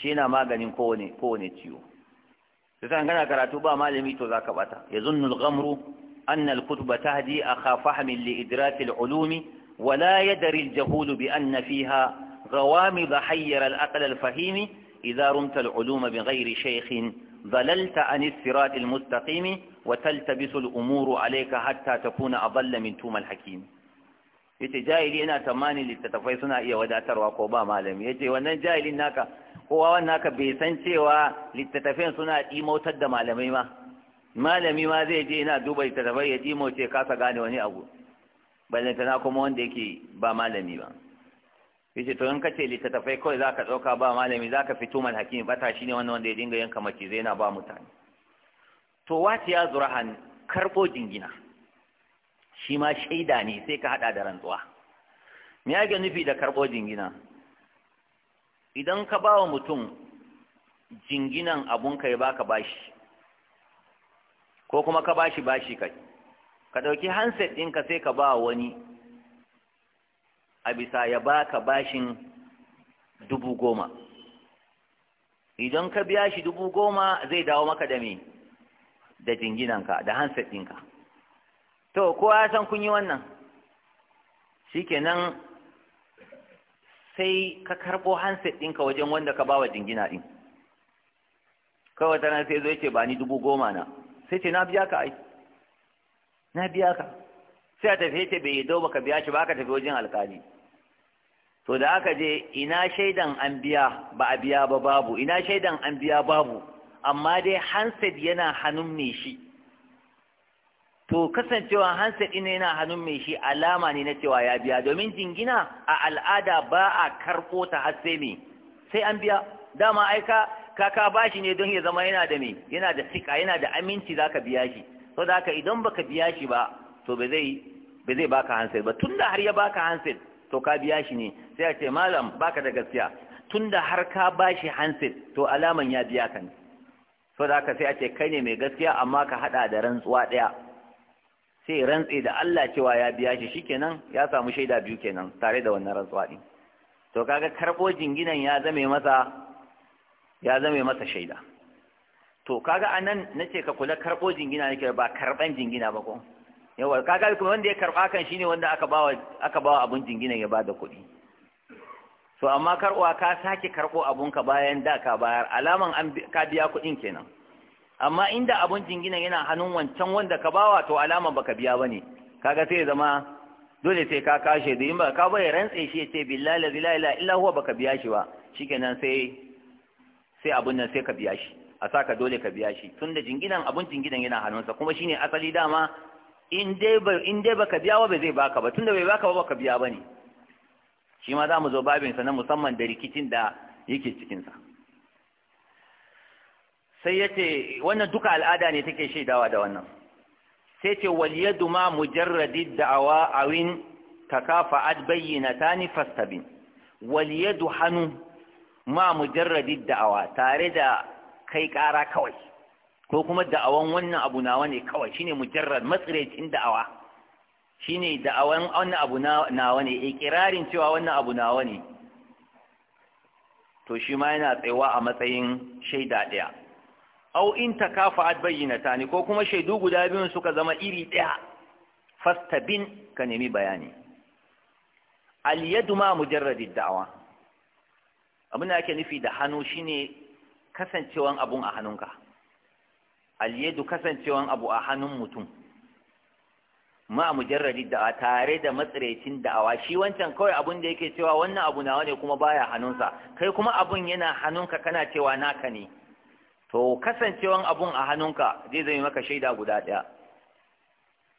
shi yana maganin kowane kowane ciwo sai san kana karatu ba malami to zaka bata yazunnu al-ghamru anna al-kutuba tahdi akha fahmin li idrak al-ulumi ولا يدري bi بأن فيها غوامض حير العقل الفهيم إذا رمت العلوم بغير شيخ ظللت عن الصراط المستقيم وتلتبس الأمور عليك حتى تكون أضل من توم الحكيم yace jahili yana tamanin littattafai suna iya wadatarwa ko ba malami yace wannan jahilin naka kowa wannan naka bai san cewa littattafan suna dimautar da malamai ma malami ma zai je yana duba littattafai ya dimauce kasa gane wani abu ballantana kuma wanda yake ba malami ba yace to in kace littattafai kawai zaka dauka ba malami zaka fito mal hakim bata shine wannan wanda ya dinga yanka macizai na ba mutane to wati ya zurahan karbo jingina shi ma shaida ne sai ka hada da rantsuwa me yake nufi da karbo jingina idan ka ba wa mutum jinginan abun kai baka bashi ko kuma ka bashi bashi kai ka dauki handset ɗinka sai ka ba wani a bisa ya baka bashin dubu goma idan ka biya shi dubu goma zai dawo maka da me da jinginanka da handset ɗinka to kowa ya san kun yi wannan shikenan sai ka karɓo handset ɗinka wajen wanda ka ba wa jingina ɗin kawai tana sai zo ce ba ni dubu goma na sai ce na biya ka ai na biya ka sai a tafi ce bai yi yadda baka biya shi ba ka tafi wajen alƙali to da aka je ina shaidan an ba a biya ba babu ina shaidan anbiya babu amma dai hanset yana hannun mai shi to kasancewa handset ina yana hannun mai shi alama ne na cewa ya biya domin jingina a al'ada ba a karko ta har sai sai an biya dama ai ka bashi ne don ya zama yana da me yana da sika yana da aminci zaka biya shi da aka idan baka biya shi ba to ba zai ba zai baka handset ba tunda har ya baka handset to ka biya shi ne sai a ce malam baka da gaskiya tunda har ka bashi handset to alaman ya biya ka ne so da haka sai a ce kai ne mai gaskiya amma ka hada da rantsuwa daya sai rantse da Allah cewa ya biya shi shikenan ya samu shaida biyu kenan tare da wannan rantsuwa din to kaga karbo jinginan ya zame masa ya zame masa shaida to kaga anan nace ka kula karbo jingina nake ba karban jingina ba ko yawa kaga kuma wanda ya karba kan shine wanda aka bawa aka bawa abun jinginan ya bada kuɗi to amma karɓuwa ka sake karɓo abunka bayan da ka bayar alaman an ka biya kuɗin kenan amma inda abun jingina yana hannun wancan wanda ka bawa to alaman baka biya ba ka kaga sai zama dole sai ka kashe da in ba ka bai rantse shi ya ce billahi la ilaha illa huwa baka biya shi ba shikenan sai sai abun nan sai ka biya shi a saka dole ka biya shi tunda jinginan abun jinginan yana hannunsa kuma shine asali dama in dai in dai baka biya ba zai baka ba tunda bai baka ba baka biya ba ne. shi ma za mu zo babinsa na musamman da rikicin da yake cikinsa sai ya ce wannan duka al'ada ne take shaidawa da wannan sai ce waliyadu ma mujarradi da'awa awin ta ni fastabin waliyadu hannu ma mujarradi da'awa tare da kai kara kawai ko kuma da'awan wannan abu na ne kawai shine mujarrad matsirecin da'awa shine da wannan abu nawa ne ikirarin cewa wannan abu nawa ne to shi ma yana tsayawa a matsayin shaida ɗaya au in ta ne, ko kuma shaidu guda biyun suka zama iri ɗaya fastabin ka nemi bayani al yadu ma mujarradid da'wa abin da ake nufi da hannu shine kasancewan abun a hannunka al yadu kasancewan abu a hannun mutum ma mujarradi da tare da matsirecin da'awa shi wancan kawai abun da yake cewa wannan abu nawa ne kuma baya hannunsa kai kuma abun yana hannunka kana cewa naka ne to kasancewan abun a hannunka zai zai maka shaida guda ɗaya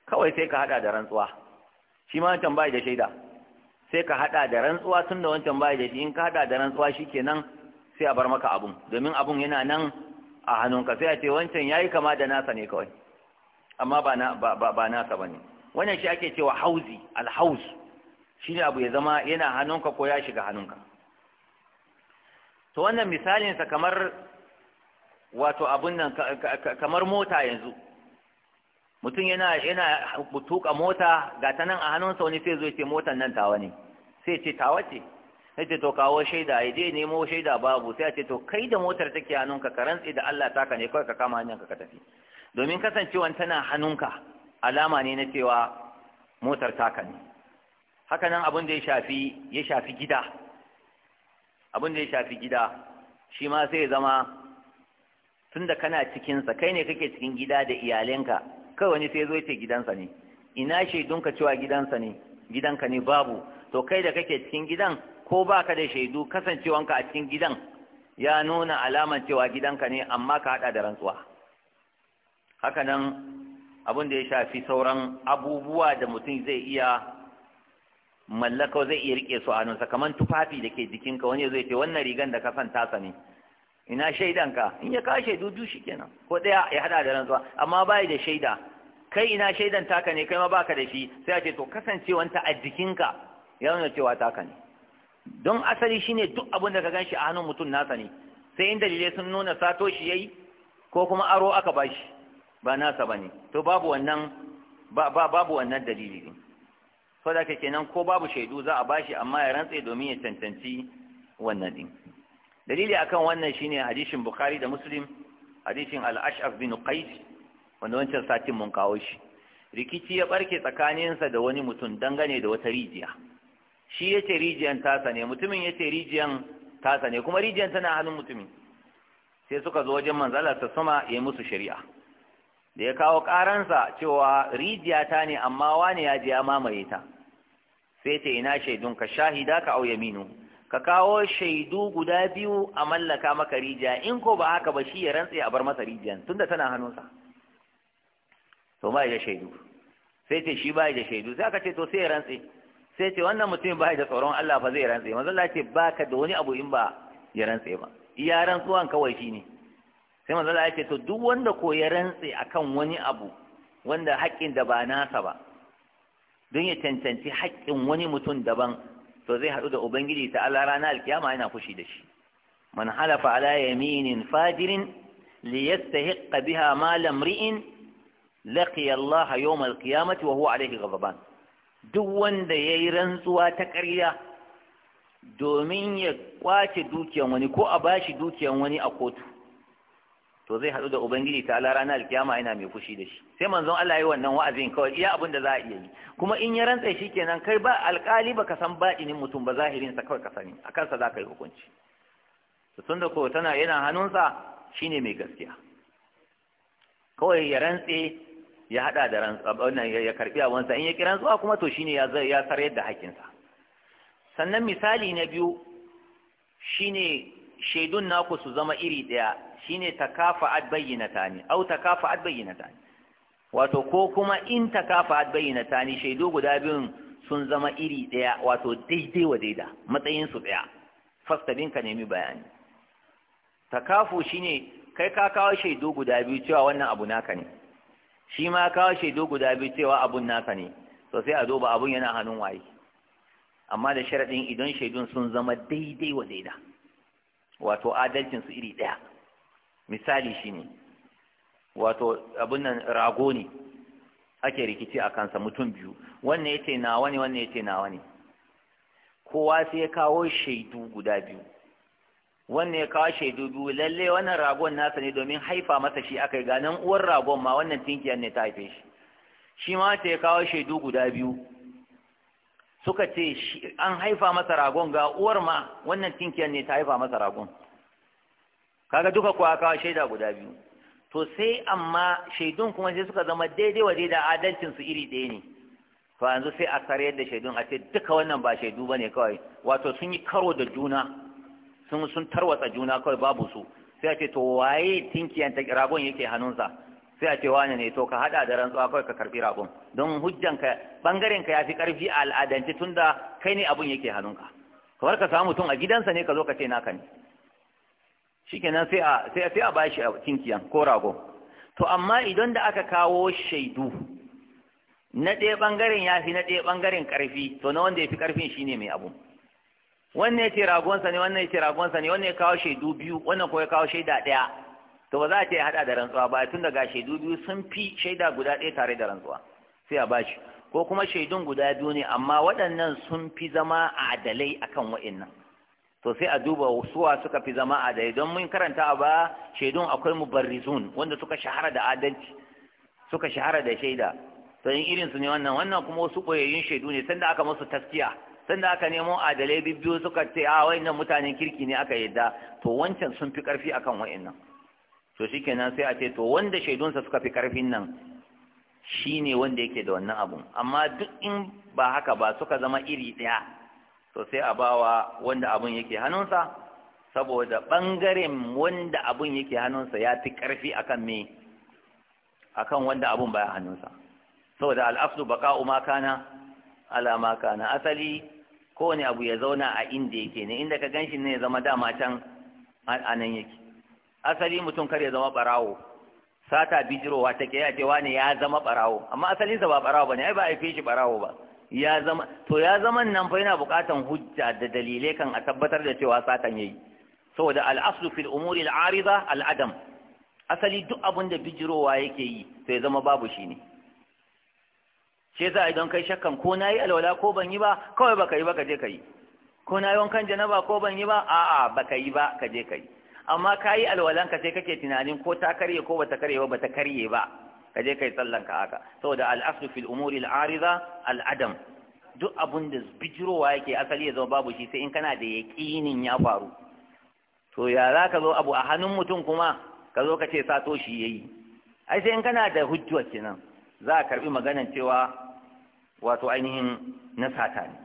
kawai sai ka hada da rantsuwa shi ma wancan bai da shaida sai ka hada da rantsuwa tun da wancan bai da shi in ka hada da rantsuwa shikenan sai a bar maka abun domin abun yana nan a hannunka sai a ce wancan yayi kama da nasa ne kawai amma ba na ba ba nasa bane wannan shi ake cewa hauzi alhaus shine abu ya zama yana hannunka ko ya shiga hannunka to wannan misalin sa kamar wato abun nan kamar mota yanzu mutum yana yana tuka mota ga ta nan a hannunsa wani sai zo ya ce motan nan tawa ne sai ce tawa ce sai ce to kawo shaida ya je nemo shaida babu sai a ce to kai da motar take hannunka ka rantse da Allah taka ne kawai ka kama hannunka ka tafi domin kasancewan tana hannunka alama ne na cewa motar taka ne haka nan abin da ya shafi ya shafi gida abin da ya shafi gida shi ma sai zama tunda kana cikinsa kai ne kake cikin gida da iyalinka kai wani sai zo ce gidansa ne ina shaidunka cewa gidansa ne gidanka ne babu to kai da kake cikin gidan ko baka da shaidu kasancewanka a cikin gidan ya nuna alamar cewa gidanka ne amma ka hada da rantsuwa haka nan abin da ya shafi sauran abubuwa da mutum zai iya mallaka zai iya rike su a hannunsa kaman tufafi da ke jikinka wani zai ce wannan rigan da ka san sa ne ina shaidanka in ya kawo shaidu shi kenan ko ɗaya ya haɗa da rantsuwa amma bai da shaida kai ina shaidan taka ne kai ma baka da shi sai a ce to kasancewanta a jikinka ya nuna cewa taka ne don asali shine duk abin da ka gan shi a hannun mutum nasa ne sai in dalilai sun nuna sato shi yayi ko kuma aro aka bashi ba nasa ba ne to babu wannan babu wannan dalili din ko da nan ko babu shaidu za a bashi amma ya rantse domin ya cancanci wannan din dalili akan wannan shine hadisin bukhari da muslim hadisin al-ash'ab bin qais wanda wancan satin mun kawo shi rikici ya barke tsakaninsa da wani mutum dangane da wata rijiya shi yace rijiyan tasa ne mutumin yace rijiyan tasa ne kuma rijiyan tana hannun mutumin sai suka zo wajen manzala ta sama ya yi musu shari'a da ya kawo ƙaransa cewa rijiya ta ne amma wani ya ji ya mamaye ta sai ce ina shaidun ka shahida ka au yaminu ka kawo shaidu guda biyu a mallaka maka rijiya in ko ba haka ba shi ya rantse a bar masa rijiyan tunda tana hannunsa to ba ya shaidu sai ce shi ba da shaidu sai aka ce to sai ya rantse sai ce wannan mutum ba da tsoron Allah fa zai rantse manzo Allah ce baka da wani abu in ba ya rantse ba iya rantsuwan kawai ne. sai manzo Allah ya ce to duk wanda ko ya rantse akan wani abu wanda haƙƙin da ba nasa ba don ya cancanci haƙƙin wani mutum daban to zai haɗu da ubangiji ta Allah ranar alkiyama yana fushi da shi man halafa ala yaminin fajirin li yastahiqqa biha malam lam ri'in laqiya Allah yawm alqiyamati wa huwa alayhi ghadaban duk wanda yayi rantsuwa ta ƙarya domin ya kwace dukiyan wani ko a bashi dukiyan wani a kotu to zai haɗu da ubangiji ta ala ranar kiyama yana mai fushi da shi sai manzon Allah yi wannan wa'azin kawai iya abin da za a iya yi kuma in ya rantsa shi kenan kai ba alƙali ba ka san baɗinin mutum ba zahirin sa kawai ka sani a kansa za ka yi hukunci to tun da ko tana yana hannunsa shine mai gaskiya kawai ya rantse ya haɗa da rantsa wannan ya karɓi awansa in ya kiran zuwa kuma to shine ya ya sarar da sa sannan misali na biyu shine shaidun naku su zama iri daya shine takafa'at bayyinatani aw takafa'at bayyinatani wato ko kuma in takafa'at bayyinatani shaidu guda biyun sun zama iri daya wato daidai wa daida matsayin su daya fastabin ka nemi bayani takafu shine kai ka kawo shaidu guda biyu cewa wannan abu naka ne shi ma kawo shaidu guda biyu cewa abun naka ne to sai a duba abun yana hannun waye amma da sharadin idan shaidun sun zama daidai wa daida wato adalcin su iri daya misali shi ne, wato abin nan rago ne ake rikici a kansa mutum biyu wannan ya ce nawa ne wannan ya ce nawa ne kowa sai ya kawo shaidu guda biyu wannan ya kawo shaidu biyu lalle wannan ragon nasa ne domin haifa masa shi aka yi ganin uwar ragon ma wannan tinkiyar ne ta haife shi shi ma ta ya kawo shaidu guda biyu suka ce an haifa masa ragon ga uwar ma wannan tinkiyar ne ta haifa masa ragon kaga duka kuwa kawo shaida guda biyu to sai amma shaidun kuma sai suka zama daidai wa da adalcin su iri ɗaya ne to yanzu sai a sare yadda shaidun a ce duka wannan ba shaidu ba ne kawai wato sun yi karo da juna sun sun tarwatsa juna kawai babu su sai a ce to waye tinkiyan ta ragon yake hannunsa sai a ce wani ne to ka hada da rantsuwa kawai ka karbi ragon don ka bangaren ka yafi karfi a al'adance tunda kai ne abun yake hannunka kamar ka samu mutum a gidansa ne ka zo ka ce naka ne shi sai sai a bashi a kinkiyan ko rago to amma idan da aka kawo shaidu na ɗaya ɓangaren ya fi na ɗaya ɓangaren ƙarfi to na wanda ya fi ƙarfin shi ne mai abu wannan ya ce ragonsa ne wannan ya ce ragonsa ne wannan ya kawo shaidu biyu wannan ko ya kawo shaida ɗaya to ba za a ce ya haɗa da rantsuwa ba tun daga shaidu biyu sun fi shaida guda ɗaya tare da rantsuwa sai a bashi ko kuma shaidun guda biyu ne amma waɗannan sun fi zama adalai akan waɗannan to sai a duba suwa suka fi zama a dai don mun karanta a ba shaidun akwai mu mubarrizun wanda suka shahara da adalci suka shahara da shaida to in irin su ne wannan wannan kuma wasu boyayyun shaidu ne sanda aka musu taskiya sanda aka nemo adalai bibbiyu suka ce a ah, wayannan mutanen kirki ne aka yadda to wancan sun fi karfi akan wayannan to shikenan sai a ce to wanda shaidun sa suka fi karfin nan shine wanda yake da wannan abun amma duk in ba haka ba suka zama iri daya to sai a bawa wanda abun yake hannunsa saboda ɓangaren wanda abun yake hannunsa ya fi ƙarfi akan me akan wanda abun baya hannunsa saboda al'aslu baka ma kana ala ma kana asali kowane abu ya zauna a inda yake ne inda ka ganshi ne ya zama dama can a nan yake asali mutum kar ya zama barawo sata bijirowa take ya ce wani ya zama barawo amma asalinsa ba barawo ne, ai ba a fi shi barawo ba ya zama to ya zaman nan fa yana buƙatan hujja da dalilai kan a tabbatar da cewa satan yayi saboda aslu fil umuri al al'adam asali duk abin da bijirowa yake yi to ya zama babu shi ne za a idan kai shakkan ko nayi alwala ko ban yi ba kawai baka yi ba ka je ka yi ko nayi wankan janaba ko ban yi ba a'a baka yi ba ka je ka yi amma kayi alwalan ka sai kake tunanin ko ta karye ko bata karye ba bata karye ba ka je kai sallan ka haka saboda al'aslu fil umuri al'ariza al'adam duk abun da bijirowa yake asali ya zama babu shi sai in kana da yaƙinin ya faru to ya za ka zo abu a hannun mutum kuma ka zo ka ce sato shi ya yi ai sai in kana da hujjuwa kenan za a karɓi maganan cewa wato ainihin na sata ne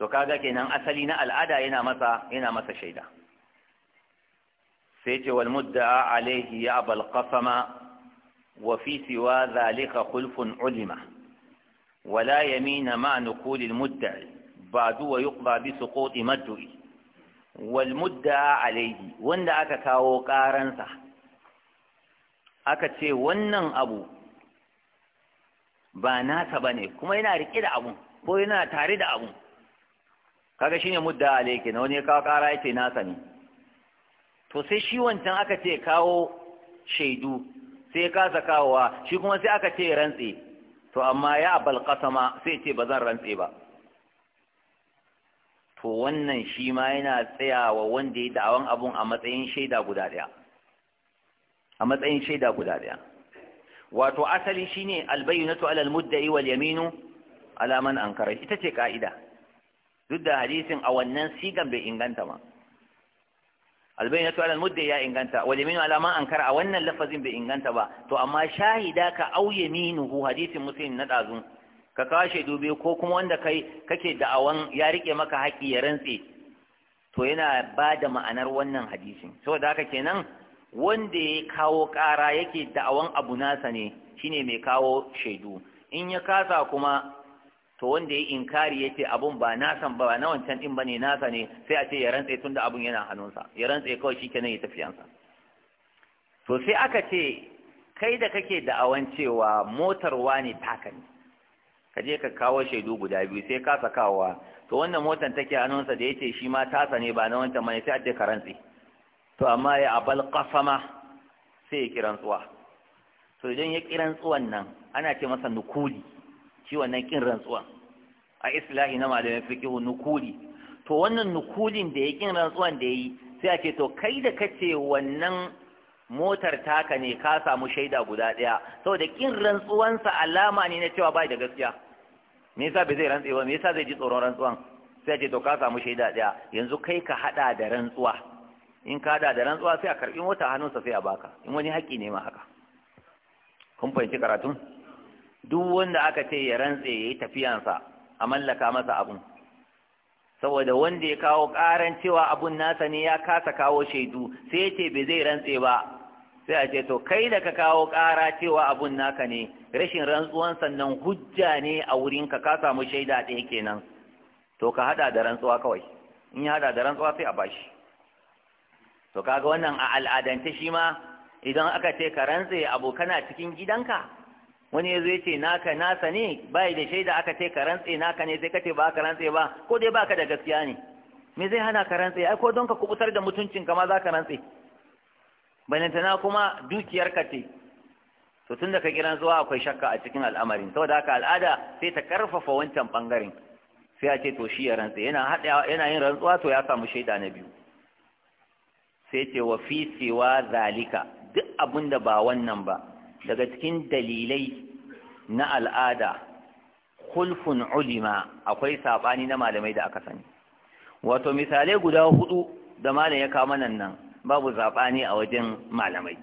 to kaga kenan asali na al'ada yana masa yana masa shaida sai ce wal mudda'a alaihi ya abal qasama وفي سوى ذلك خلف علم ولا يمين مع نقول المدعي بعد ويقضى بسقوط مدعي والمدعى عليه وند أكا كاو قارنسا Aka تشي wannan abu. ba nasa bane kuma yana rike da abun ko yana tare da abun kaga shine mudda alayki na wani kawo kara yace nasa ne to sai shi wancan aka ce kawo shaidu sai ya kasa kawowa, shi kuma sai aka ce ya rantse to amma ya abal kasama sai ce ba zan rantse ba to wannan shi ma yana tsayawa wanda ya da'awan abun a matsayin shaida guda daya a matsayin shaida guda daya wato asali shine albayyinatu alal mudda'i wal yaminu ala man ankara ita ce ka'ida duk da hadisin a wannan sigan bai inganta ma. albayin ya tuwa mudda ya inganta wa yaminu alaman ankara a wannan lafazin bai inganta ba to amma shahida ka au yaminuhu hadisin muslim na dazu ka kawo shaidu biyu ko kuma wanda kai kake da'awan ya rike maka haƙi ya rantse to yana ba da ma'anar wannan hadisin saboda haka kenan wanda ya kawo ƙara yake da'awan abu nasa ne shine mai kawo shaidu in ya kasa kuma to wanda ya inkari yace abun ba nasan ba na wancan din bane nasa ne sai a ce ya rantse tunda abun yana hannunsa ya rantse kawai kenan ya tafiyansa to sai aka ce kai da kake da cewa motar wani taka ne ka je ka kawo shaidu guda biyu sai ka sakawa to wannan motar take hannunsa da yace shi ma tasa ne ba na wancan bane sai a ce ka rantse to amma ya abal qasama sai ya kiran tsuwa to idan ya kiran tsuwan nan ana ce masa nukuli shi wannan kin rantsuwa a islahi na malamin fiqh nukuli to wannan nukulin da ya kin rantsuwan da yi sai a ce to kai da kace wannan motar taka ne ka samu shaida guda ɗaya saboda kin rantsuwansa alama ne na cewa bai da gaskiya me yasa bai zai rantsewa me yasa zai ji tsoron rantsuwan sai a ce to ka samu shaida daya yanzu kai ka hada da rantsuwa in ka hada da rantsuwa sai a karbi mota hannunsa sai a baka in wani haƙƙi ne ma haka kun fahimci karatun duk wanda aka ce ya rantse ya yi tafiyansa a mallaka masa abun saboda wanda ya kawo ƙaran cewa abun nasa ne ya kasa kawo shaidu sai ya ce bai zai rantse ba sai a ce to kai da ka kawo ƙara cewa abun naka ne rashin rantsuwan sannan hujja ne a wurinka ka samu shaida ɗaya kenan to ka haɗa da rantsuwa kawai in ya haɗa da rantsuwa sai a bashi to kaga wannan a al'adance shi ma idan aka ce ka rantse abu kana cikin gidanka wani ya zo yazo ce naka nasa ne ba da shaida aka ce ka rantse naka ne sai kace ba ka rantse ba ko dai baka da gaskiya ne me zai hana ka rantse ai ko don ka kubutar da mutuncin ka ma za ka rantse balantana kuma dukiyar ka ce to tun da ka kiran zuwa akwai shakka a cikin al'amarin saboda haka al'ada sai ta karfafa wancan bangaren sai a ce to shi ya rantse yana hada yana yin rantsuwa to ya samu shaida na biyu sai ce wa fi cewa zalika duk abinda ba wannan ba daga cikin dalilai na al'ada kulfun ulima akwai sabani na malamai da aka sani wato misalai guda hudu da malam ya kawo nan nan babu zabani a wajen malamai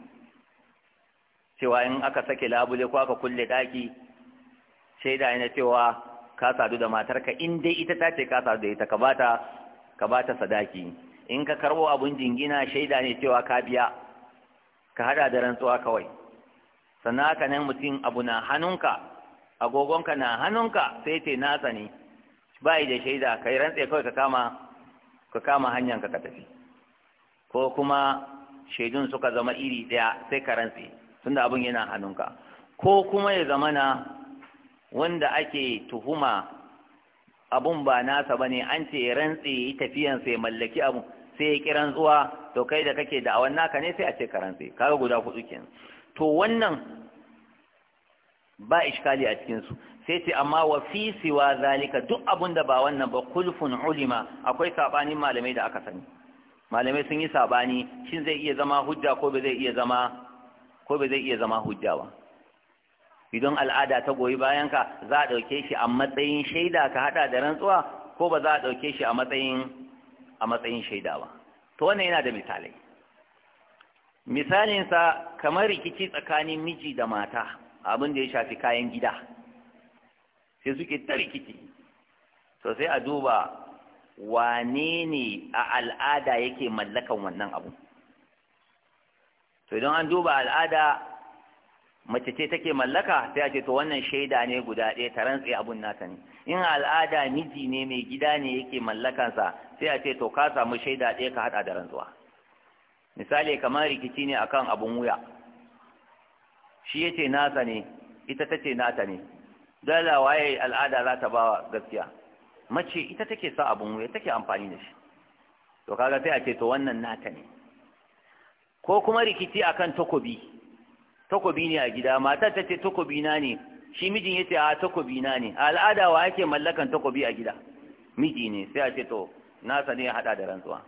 cewa in aka sake labule ko aka kulle daki shaida ne cewa ka sadu da matarka in dai ita ta ce ka sadu da ita ka bata ta sadaki in ka karbo abun jingina shaida ne cewa ka biya ka hada da rantsuwa kawai sannan ka nan mutum abu na hannunka agogonka na hannunka sai ce nasa ne bai da shaida kai rantse kawai ka kama ka hanyar ka tafi ko kuma shaidun suka zama iri daya sai ka rantse tunda abin yana hannunka ko kuma ya zama na wanda ake tuhuma abun ba nasa ba ne, an ce rantse yi tafiyan sai mallaki abu sai ya kiran zuwa to kai da kake da awan naka ne sai a ce ka rantse kaga guda hudu kenan to wannan ba iskali a cikinsu sai ce amma wa fi siwa zalika duk abun da ba wannan ba kulfun ulima akwai sabanin malamai da aka sani malamai sun yi sabani shin zai iya zama hujja ko ba zai iya zama ko ba zai iya zama hujja ba idan al'ada ta goyi bayan ka za a ɗauke shi a matsayin shaida ka haɗa da rantsuwa ko ba za a dauke shi a matsayin a matsayin shaida ba to wannan yana da misalai misalinsa kamar rikici tsakanin miji da mata abin da ya shafi kayan gida sai suke ta rikici to sai a duba wane ne a al'ada yake mallakan wannan abu to idan an duba al'ada mace ce take mallaka sai a ce to wannan shaida ne guda ɗaya ta rantse abun nata ne in al'ada miji ne mai gida ne yake mallakansa sai a ce to ka samu shaida ɗaya ka haɗa da rantsuwa misali kamar rikici ne akan abun wuya shi yace nasa ne ita tace nata ne dala waye al'ada za ta bawa gaskiya mace ita take sa abun wuya take amfani da shi to kaga sai a ce to wannan nata ne ko kuma rikici akan takobi takobi ne a gida matar ta ce takobi na ne shi mijin yace a takobi na ne al'ada wa yake mallakan takobi a gida miji ne sai a ce to nasa ne ya hada da rantsuwa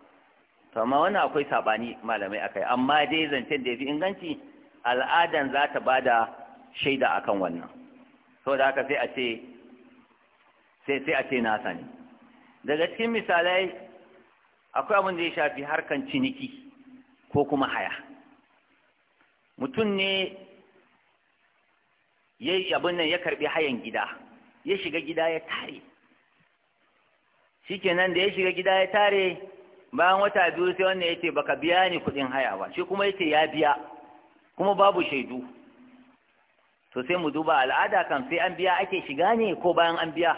to amma wannan akwai sabani malamai akai amma dai zancen da ya yafi inganci al'adan za ta da shaida akan wannan saboda haka sai a ce sai sai a ce na sani daga cikin misalai akwai abin da ya shafi harkan ciniki ko kuma haya mutum ne yayi abin nan ya karbi hayan gida ya shiga gida ya tare shikenan da ya shiga gida ya tare bayan wata biyu sai wannan yace baka biya ni kudin haya ba shi kuma yace ya biya kuma babu shaidu to sai mu duba al'ada kan sai an biya ake shiga ne ko bayan an biya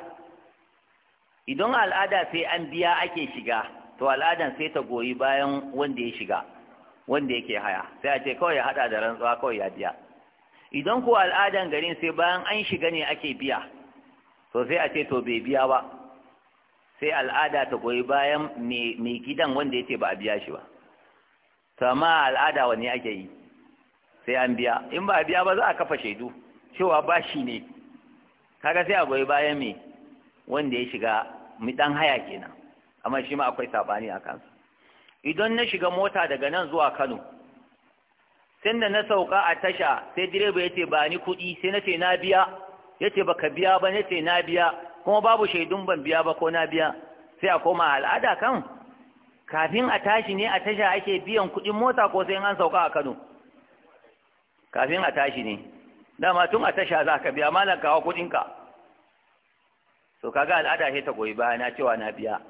idan al'ada sai an biya ake shiga to al'adan sai ta goyi bayan wanda ya shiga wanda yake haya sai a ce kawai ya hada da rantsuwa kawai ya biya idan ko al'adan garin sai bayan an shiga ne ake biya to sai a ce to bai biya ba sai al'ada ta goyi bayan mai gidan wanda ya ce ba a biya shi ba sama al'ada wani ake yi sai an biya in ba a biya ba za a kafa shaidu cewa ba shi ne kaga sai a goyi bayan mai wanda ya shiga midan dan haya kenan amma shi ma akwai sabani a kansu idan na shiga mota daga nan zuwa kano sai da na sauka a tasha sai direba ya ce ba ni kuɗi sai na ce na biya ya ce baka biya ba na ce na biya kuma babu shaidun ban biya ba ko na biya sai a koma al'ada kan kafin a tashi ne a tasha ake biyan kuɗin mota ko sai an sauka a Kano kafin a tashi ne dama tun a tasha za ka biya malam kawo kuɗinka to kaga al'ada sai ta goyi baya na cewa na biya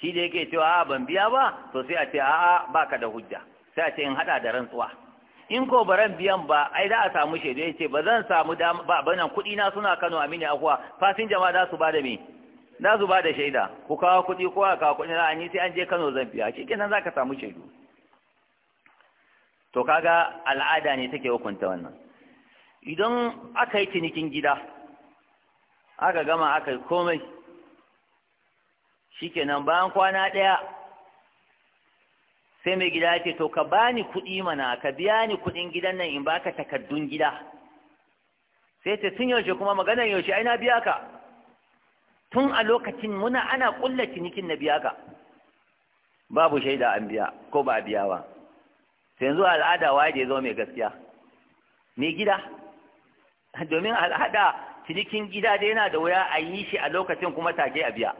shi da yake cewa a ban biya ba to sai a ce a'a baka da hujja sai a ce in haɗa da rantsuwa in ko baran biyan ba ai da a samu shaidu ya ce ba zan samu ba banan kudi na suna kano a mini akwa fasin jama'a za su ba da me da su ba da shaida ku kawo kuɗi ko a kawo kuɗi na sai an je kano zan biya shi kenan za samu shaidu to kaga al'ada ne take hukunta wannan idan aka yi cinikin gida aka gama aka yi komai shikenan bayan kwana ɗaya sai mai gida ce to ka bani kuɗi mana ka biya ni kuɗin gidan nan in baka takardun gida sai ta sun yaushe kuma maganar yaushe ai na biya ka tun a lokacin muna ana ƙulla cinikin na biya ka babu shaida an biya ko ba biya ba sai yanzu al'ada da ya zo mai gaskiya mai gida domin al'ada cinikin gida dai yana da wuya a yi shi a lokacin kuma take a biya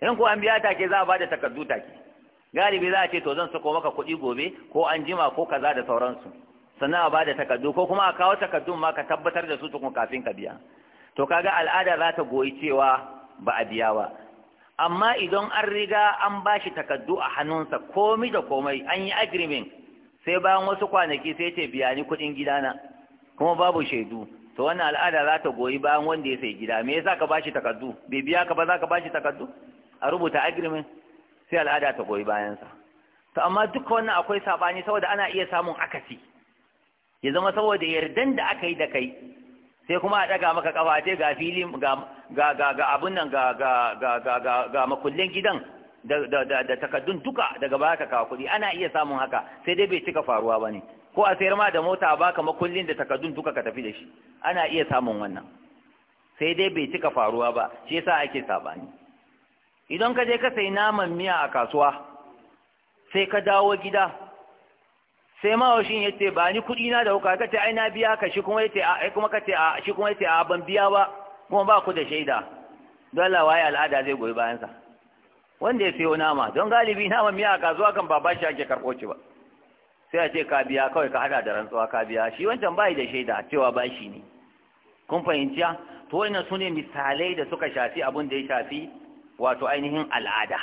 in ko an biya take za a ba da takardu take galibi za a ce to zan sako maka kuɗi gobe ko an jima ko kaza da sauransu sannan a bada takardu ko kuma a kawo takardun ma ka tabbatar da su tukun kafin ka biya to kaga al'ada za ta goyi cewa ba a biya ba amma idan an riga an bashi takardu a hannunsa komai da komai an yi agreement sai bayan wasu kwanaki sai ce biya ni kuɗin gidana kuma babu shaidu to wannan al'ada za ta goyi bayan wanda ya sai gida me yasa ka bashi takardu bai biya ka ba za ka bashi takardu a rubuta agreement sai al'ada ta goyi bayansa to amma duka wannan akwai sabani saboda ana iya samun akasi ya zama saboda yardan da aka yi da kai sai kuma a daga maka kafa ce ga fili ga ga ga abun nan ga ga ga ga ga, ga makullin gidan da da da, takaddun duka daga baya ka kawo kuɗi ana iya samun haka sai dai bai cika faruwa bane ko a sayar ma da mota baka makullin da takaddun duka ka tafi da shi ana iya samun wannan sai dai bai cika faruwa ba shi yasa ake sabani idan ka je ka sai naman miya a kasuwa sai ka dawo gida sai mawashin ya ce ba ni kuɗi na da hukar ka ce aina biya ka shi kuma ya ce a kuma ka ce a shi kuma ya ce a ban biya ba kuma ba ku da shaida dole waye al'ada zai goyi bayansa wanda ya sayo nama don galibi nama miya a kasuwa kan ba bashi ake karɓo ci ba sai a ce ka biya kawai ka hada da rantsuwa ka biya shi wancan bayi da shaida cewa bashi ne kun fahimci to wannan sune misalai da suka shafi abin da ya shafi wato ainihin al'ada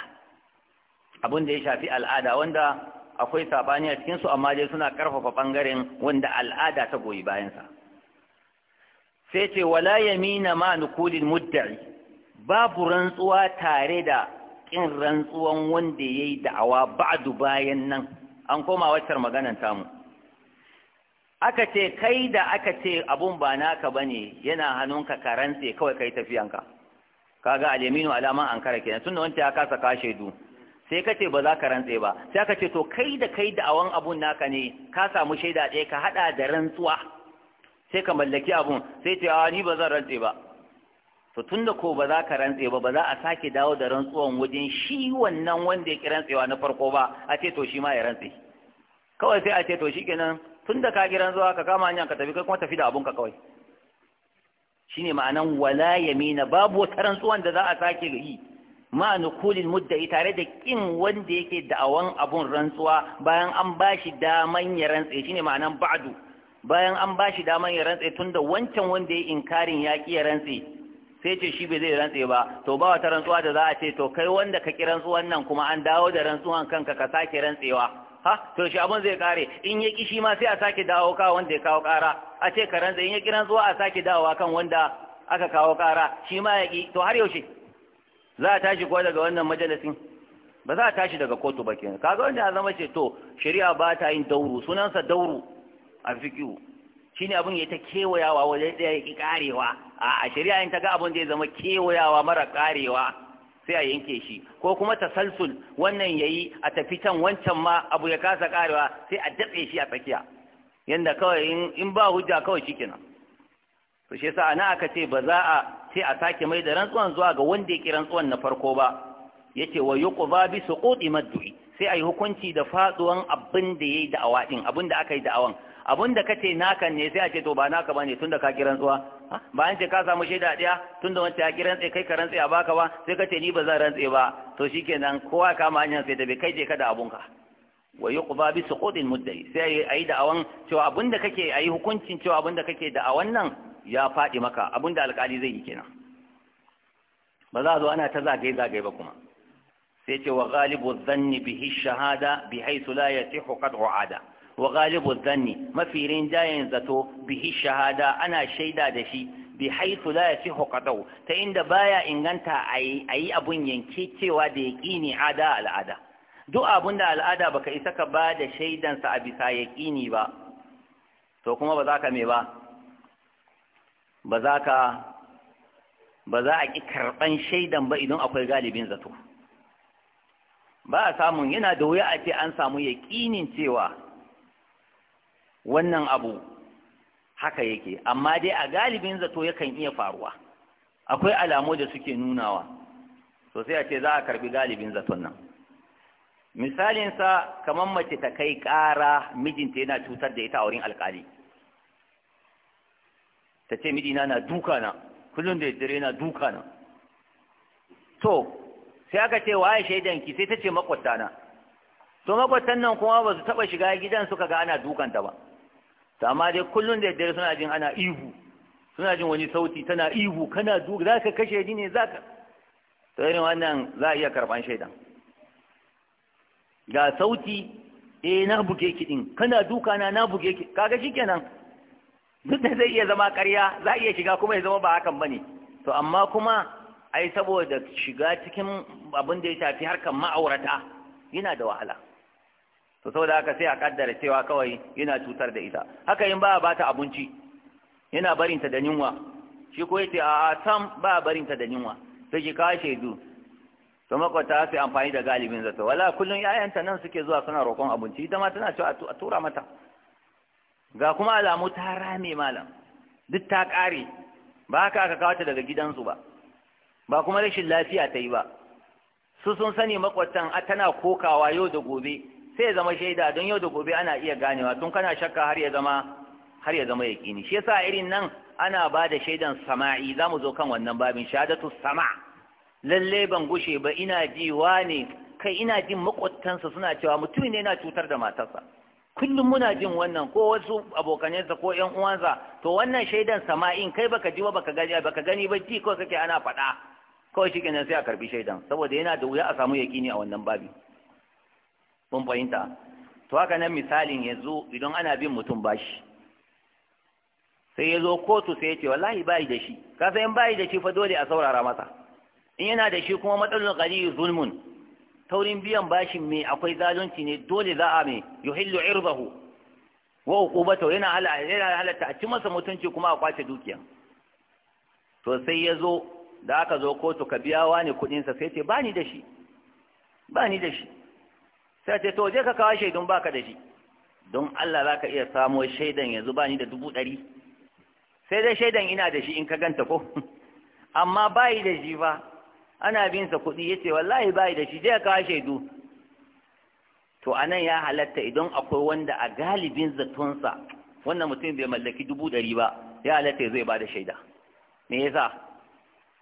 abin da ya shafi al'ada wanda akwai saɓani a cikinsu amma dai suna karfafa ɓangaren wanda al'ada ta goyi bayansa sai ce wala yamina ma nukulin mudda'i babu rantsuwa tare da ƙin rantsuwan wanda ya yi da'awa ba'du bayan nan an koma waccar maganan tamu aka ce kai da aka ce abun ba naka bane yana hannunka ka rantse kawai kai tafiyanka kaga ga alama an kara kenan tunda wanda ya kasa ka shaidu sai ka ce ba za ka rantse ba sai aka ce to kai da kai da awan abun naka ne ka samu shaida ɗaya ka hada da rantsuwa sai ka mallaki abun sai ce a ah, ni ba zan rantse ba to tunda ko ba za ka rantse ba ba za a sake dawo da rantsuwan wajen shi wannan wanda ya ki rantsewa na farko ba a ce to shi ma ya rantse kawai sai a ce to shikenan tunda ka ki rantsuwa ka kama hanyar ka tafi kai kuma tafi da abun ka kawai Shi ne ma'anan wala yamina babu wata rantsuwan da za a sake yi ma Kulin mudda'i tare da kin wanda yake da'awan abun rantsuwa bayan an ba shi daman ya rantse ne ma'anan Ba'adu, bayan an ba shi daman ya rantse tunda wancan wanda ya inkarin ya ƙi ya rantse sai ce shi bai zai rantse ba to ba wata rantsuwa da za a ce to kai wanda ka ki rantsuwan nan kuma an dawo da rantsuwan kanka ka sake rantsewa ha to shi abun zai kare in ya kishi ma sai a sake dawo ka wanda ya kawo kara a ce karan in ya kiran zuwa a sake dawowa kan wanda aka kawo kara shi ma ya to har yaushe za a tashi ko daga wannan majalisin ba za a tashi daga kotu ba kenan kaga wanda ya zama ce to shari'a ba ta yin dauru sunansa dauru a fikihu shine abun ya ta kewayawa wajen da ya ki karewa a shari'a in ta ga abun zai zama kewayawa mara karewa sai a yanke shi ko kuma tasalsul wannan yayi a tafi can wancan ma abu ya kasa karewa sai a datse shi a tsakiya yanda kawai in ba hujja kawai shikenan to shi yasa ana aka ce ba za a sai a sake mai da rantsuwan zuwa ga wanda ya ki rantsuwan na farko ba yace wa yuqza bi suqudi maddu'i sai ayi hukunci da faduwan abin da yayi da'awa awadin abin da aka yi da'awan abin da kace naka ne sai a ce to ba naka bane tunda ka ki rantsuwa bayan ce ka samu shaida ɗaya tunda wanda ya kiran tsaye kai ka rantse a baka ba sai ka ce ni ba zan rantse ba to shikenan kowa kama hanyar sai da bai kai je ka da abun ka. wa yuqba bi suqutil muddai sai ayi da awan cewa abinda kake ayi hukuncin cewa abinda kake da awan nan ya faɗi maka abinda alƙali zai yi kenan ba za zo ana ta zagaye zagaye ba kuma sai ce wa ghalibu dhanni bihi shahada bihaythu la yasihu qad'u ada wa ghalibu dhanni mafi rinjayen zato bihi shahada ana shaida da shi bi haythu la yasihu qadaw ta inda baya inganta ayi yi abun yanke cewa da yaqini ada al'ada duk abun da al'ada baka isa ka ba da shaidansa a bisa yaqini ba to kuma ba za ka me ba ba za ka ba za a ki karban shaidan ba idan akwai galibin zato ba a samun yana da wuya a ce an samu yaƙinin cewa wannan abu haka yake amma dai a galibin zato yakan iya faruwa akwai alamu da suke nunawa to sai a ce za a karbi galibin zaton nan misalinsa kamar mace ta kai ƙara mijinta yana cutar da ita a wurin alƙali ta ce mijina na duka kullum da dare na duka to sai aka ce waye shaidanki sai ta ce na. to makwatan nan kuma ba su taɓa shiga gidan suka ga ana dukanta ba ta amma dai kullum da dare suna jin ana ihu suna jin wani sauti tana ihu kana duk za ka kashe ni ne za ka ta yi wannan za a iya karban shaidan ga sauti e na buge ki din kana duka na na buge ki kaga shikenan duk da zai iya zama ƙarya za a iya shiga kuma ya zama ba hakan bane to amma kuma ai saboda shiga cikin abin da ya tafi harkar ma'aurata yana da wahala to saboda haka sai a kaddara cewa kawai yana cutar da ita haka in ba a bata abinci yana barinta da yunwa shi ko yace a sam ba a barinta da yunwa sai ki kawo shaidu to makwata sai amfani da galibin zato wala kullun yayanta nan suke zuwa suna roƙon abinci ita ma tana cewa a tura mata ga kuma alamu ta rame malam duk ta ƙare ba haka aka kawo ta daga gidansu ba ba kuma rashin lafiya ta yi ba su sun sani makwatan tana kokawa yau da gobe sai zama shaida don yau da gobe ana iya ganewa tun kana shakka har ya zama har ya zama yaƙini shi yasa irin nan ana ba da shaidan sama'i za mu zo kan wannan babin shahadatu sama lalle ban gushe ba ina ji ne. kai ina jin makwattansa suna cewa mutum ne na cutar da matarsa kullum muna jin wannan ko wasu abokanansa ko ƴan uwansa to wannan shaidan sama'in kai baka ji ba baka gani baka gani ba ji ko kake ana faɗa kawai shi kenan sai a karbi shaidan saboda yana da wuya a samu yaƙini a wannan babin kun fahimta to haka nan misalin yanzu idan ana bin mutum bashi sai ya zo kotu sai ya ce wallahi bayi da shi ka in bayi da shi fa dole a saurara masa in yana da shi kuma matsalolin qali zulmun taurin biyan bashin me akwai zalunci ne dole za a me yuhillu irdahu wa uqubatu yana halatta a ci masa mutunci kuma a kwace dukiya to sai ya zo da aka zo kotu ka biya wani kuɗinsa sai ce ba da shi ba da shi sai ce to je ka kawo shaidun baka da shi don Allah za ka iya samo shaidan yanzu ba ni da dubu ɗari sai dai shaidan ina da shi in ka ganta ko amma bayi da shi fa ana bin sa kuɗi ya ce wallahi bayi da shi je ka kawo shaidu to anan ya halatta idan akwai wanda a galibin zatonsa wannan mutum bai mallaki dubu ɗari ba ya halatta zai ba da shaida me yasa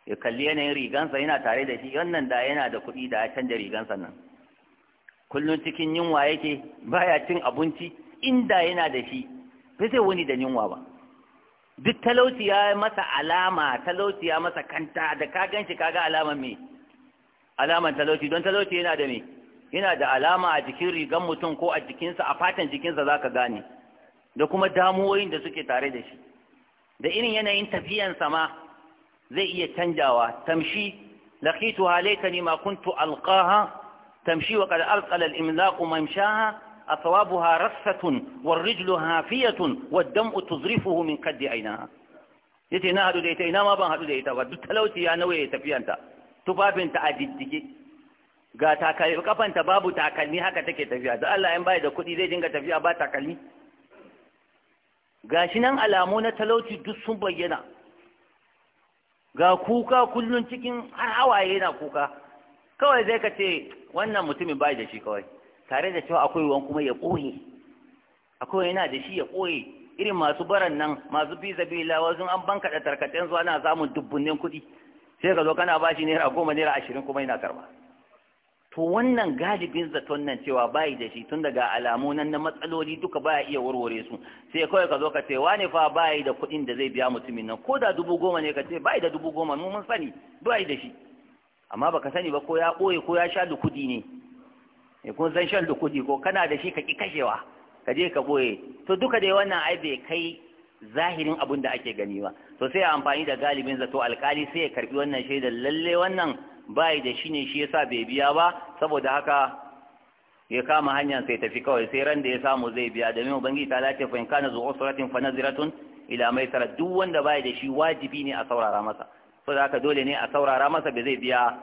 ya kalli yanayin rigansa yana tare da shi wannan da yana da kuɗi da ya canja rigansa nan kullum cikin yunwa yake baya cin abinci inda yana da shi ba zai wani da yunwa ba duk talauci ya masa alama talauci ya masa kanta da ka ganshi kaga alaman me alaman talauci don talauci yana da me yana da alama a jikin rigan mutum ko a jikinsa a fatan jikinsa zaka gane da kuma damuwoyin da suke tare da shi da irin yanayin tafiyansa ma zai iya canjawa tamshi laqitu halaykani ma kuntu alqaha تمشي وقد ألقل الإملاق ممشاها أثوابها رثة والرجل هافية والدمء تزرفه من قد عينها yace na haɗu da ita ina ma ban haɗu da ita ba duk talauci ya nawa ya tafiyanta tufafinta a diddige ga takalmi babu takalmi haka take tafiya da Allah in bai da kuɗi zai dinga tafiya ba takalmi gashi nan alamu na talauci duk sun bayyana ga kuka kullun cikin har hawaye yana kuka kawai zai ka ce wannan mutumin ba da shi kawai tare da cewa akwai ruwan kuma ya ɓoye akwai yana da shi ya ɓoye irin masu baran nan masu zabi lawa sun an banka da tarkacen zuwa na samun dubbunnen kuɗi sai ka zo kana ba shi naira goma naira ashirin kuma yana karba to wannan galibin zaton nan cewa bayi da shi tun daga alamu nan na matsaloli duka baya iya warware su sai kawai ka zo ka ce wani fa bayi da kuɗin da zai biya mutumin nan ko da dubu goma ne ka ce bayi da dubu goma mu mun sani bayi da shi amma baka sani ba ko ya ɓoye ko ya sha lukudi ne e kun san shan lukudi ko kana da shi ka ki kashewa ka je ka ɓoye to duka dai wannan ai bai kai zahirin abun da ake gani ba to sai amfani da galibin zato alkali sai ya karbi wannan shaidar lalle wannan bai da shi ne shi yasa bai biya ba saboda haka ya kama hanyar sai tafi kawai sai ran da ya samu zai biya mai ubangi ta lati fa in kana zu usratin fa naziratun ila maisara duk wanda bai da shi wajibi ne a saurara masa ko da ka dole ne a saurara masa ba zai biya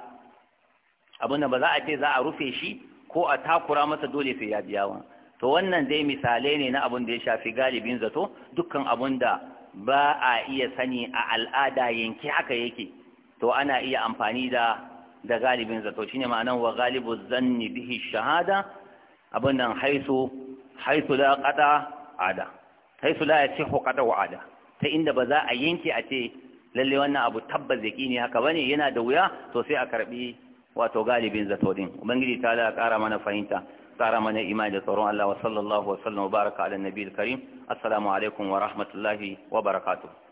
abinda ba za a ce za a rufe shi ko a takura masa dole sai ya biya wani to wannan dai misalai ne na abin da ya shafi galibin zato dukkan abin da ba a iya sani a al'ada yanki haka yake to ana iya amfani da da galibin zato shine ma'anan wa galibu zanni bihi shahada abin nan haisu haisu la qada ada haisu la yasihu qada wa ada ta inda ba za a yanke a ce lalle wannan abu tabbas yaki ne haka bane yana da wuya to sai a karbi wato galibin zato din ubangiji ta da ƙara mana fahimta ƙara mana imani da tsoron Allah wa sallallahu wa sallam wa baraka ala nabiyil karim assalamu alaikum wa rahmatullahi wa barakatuh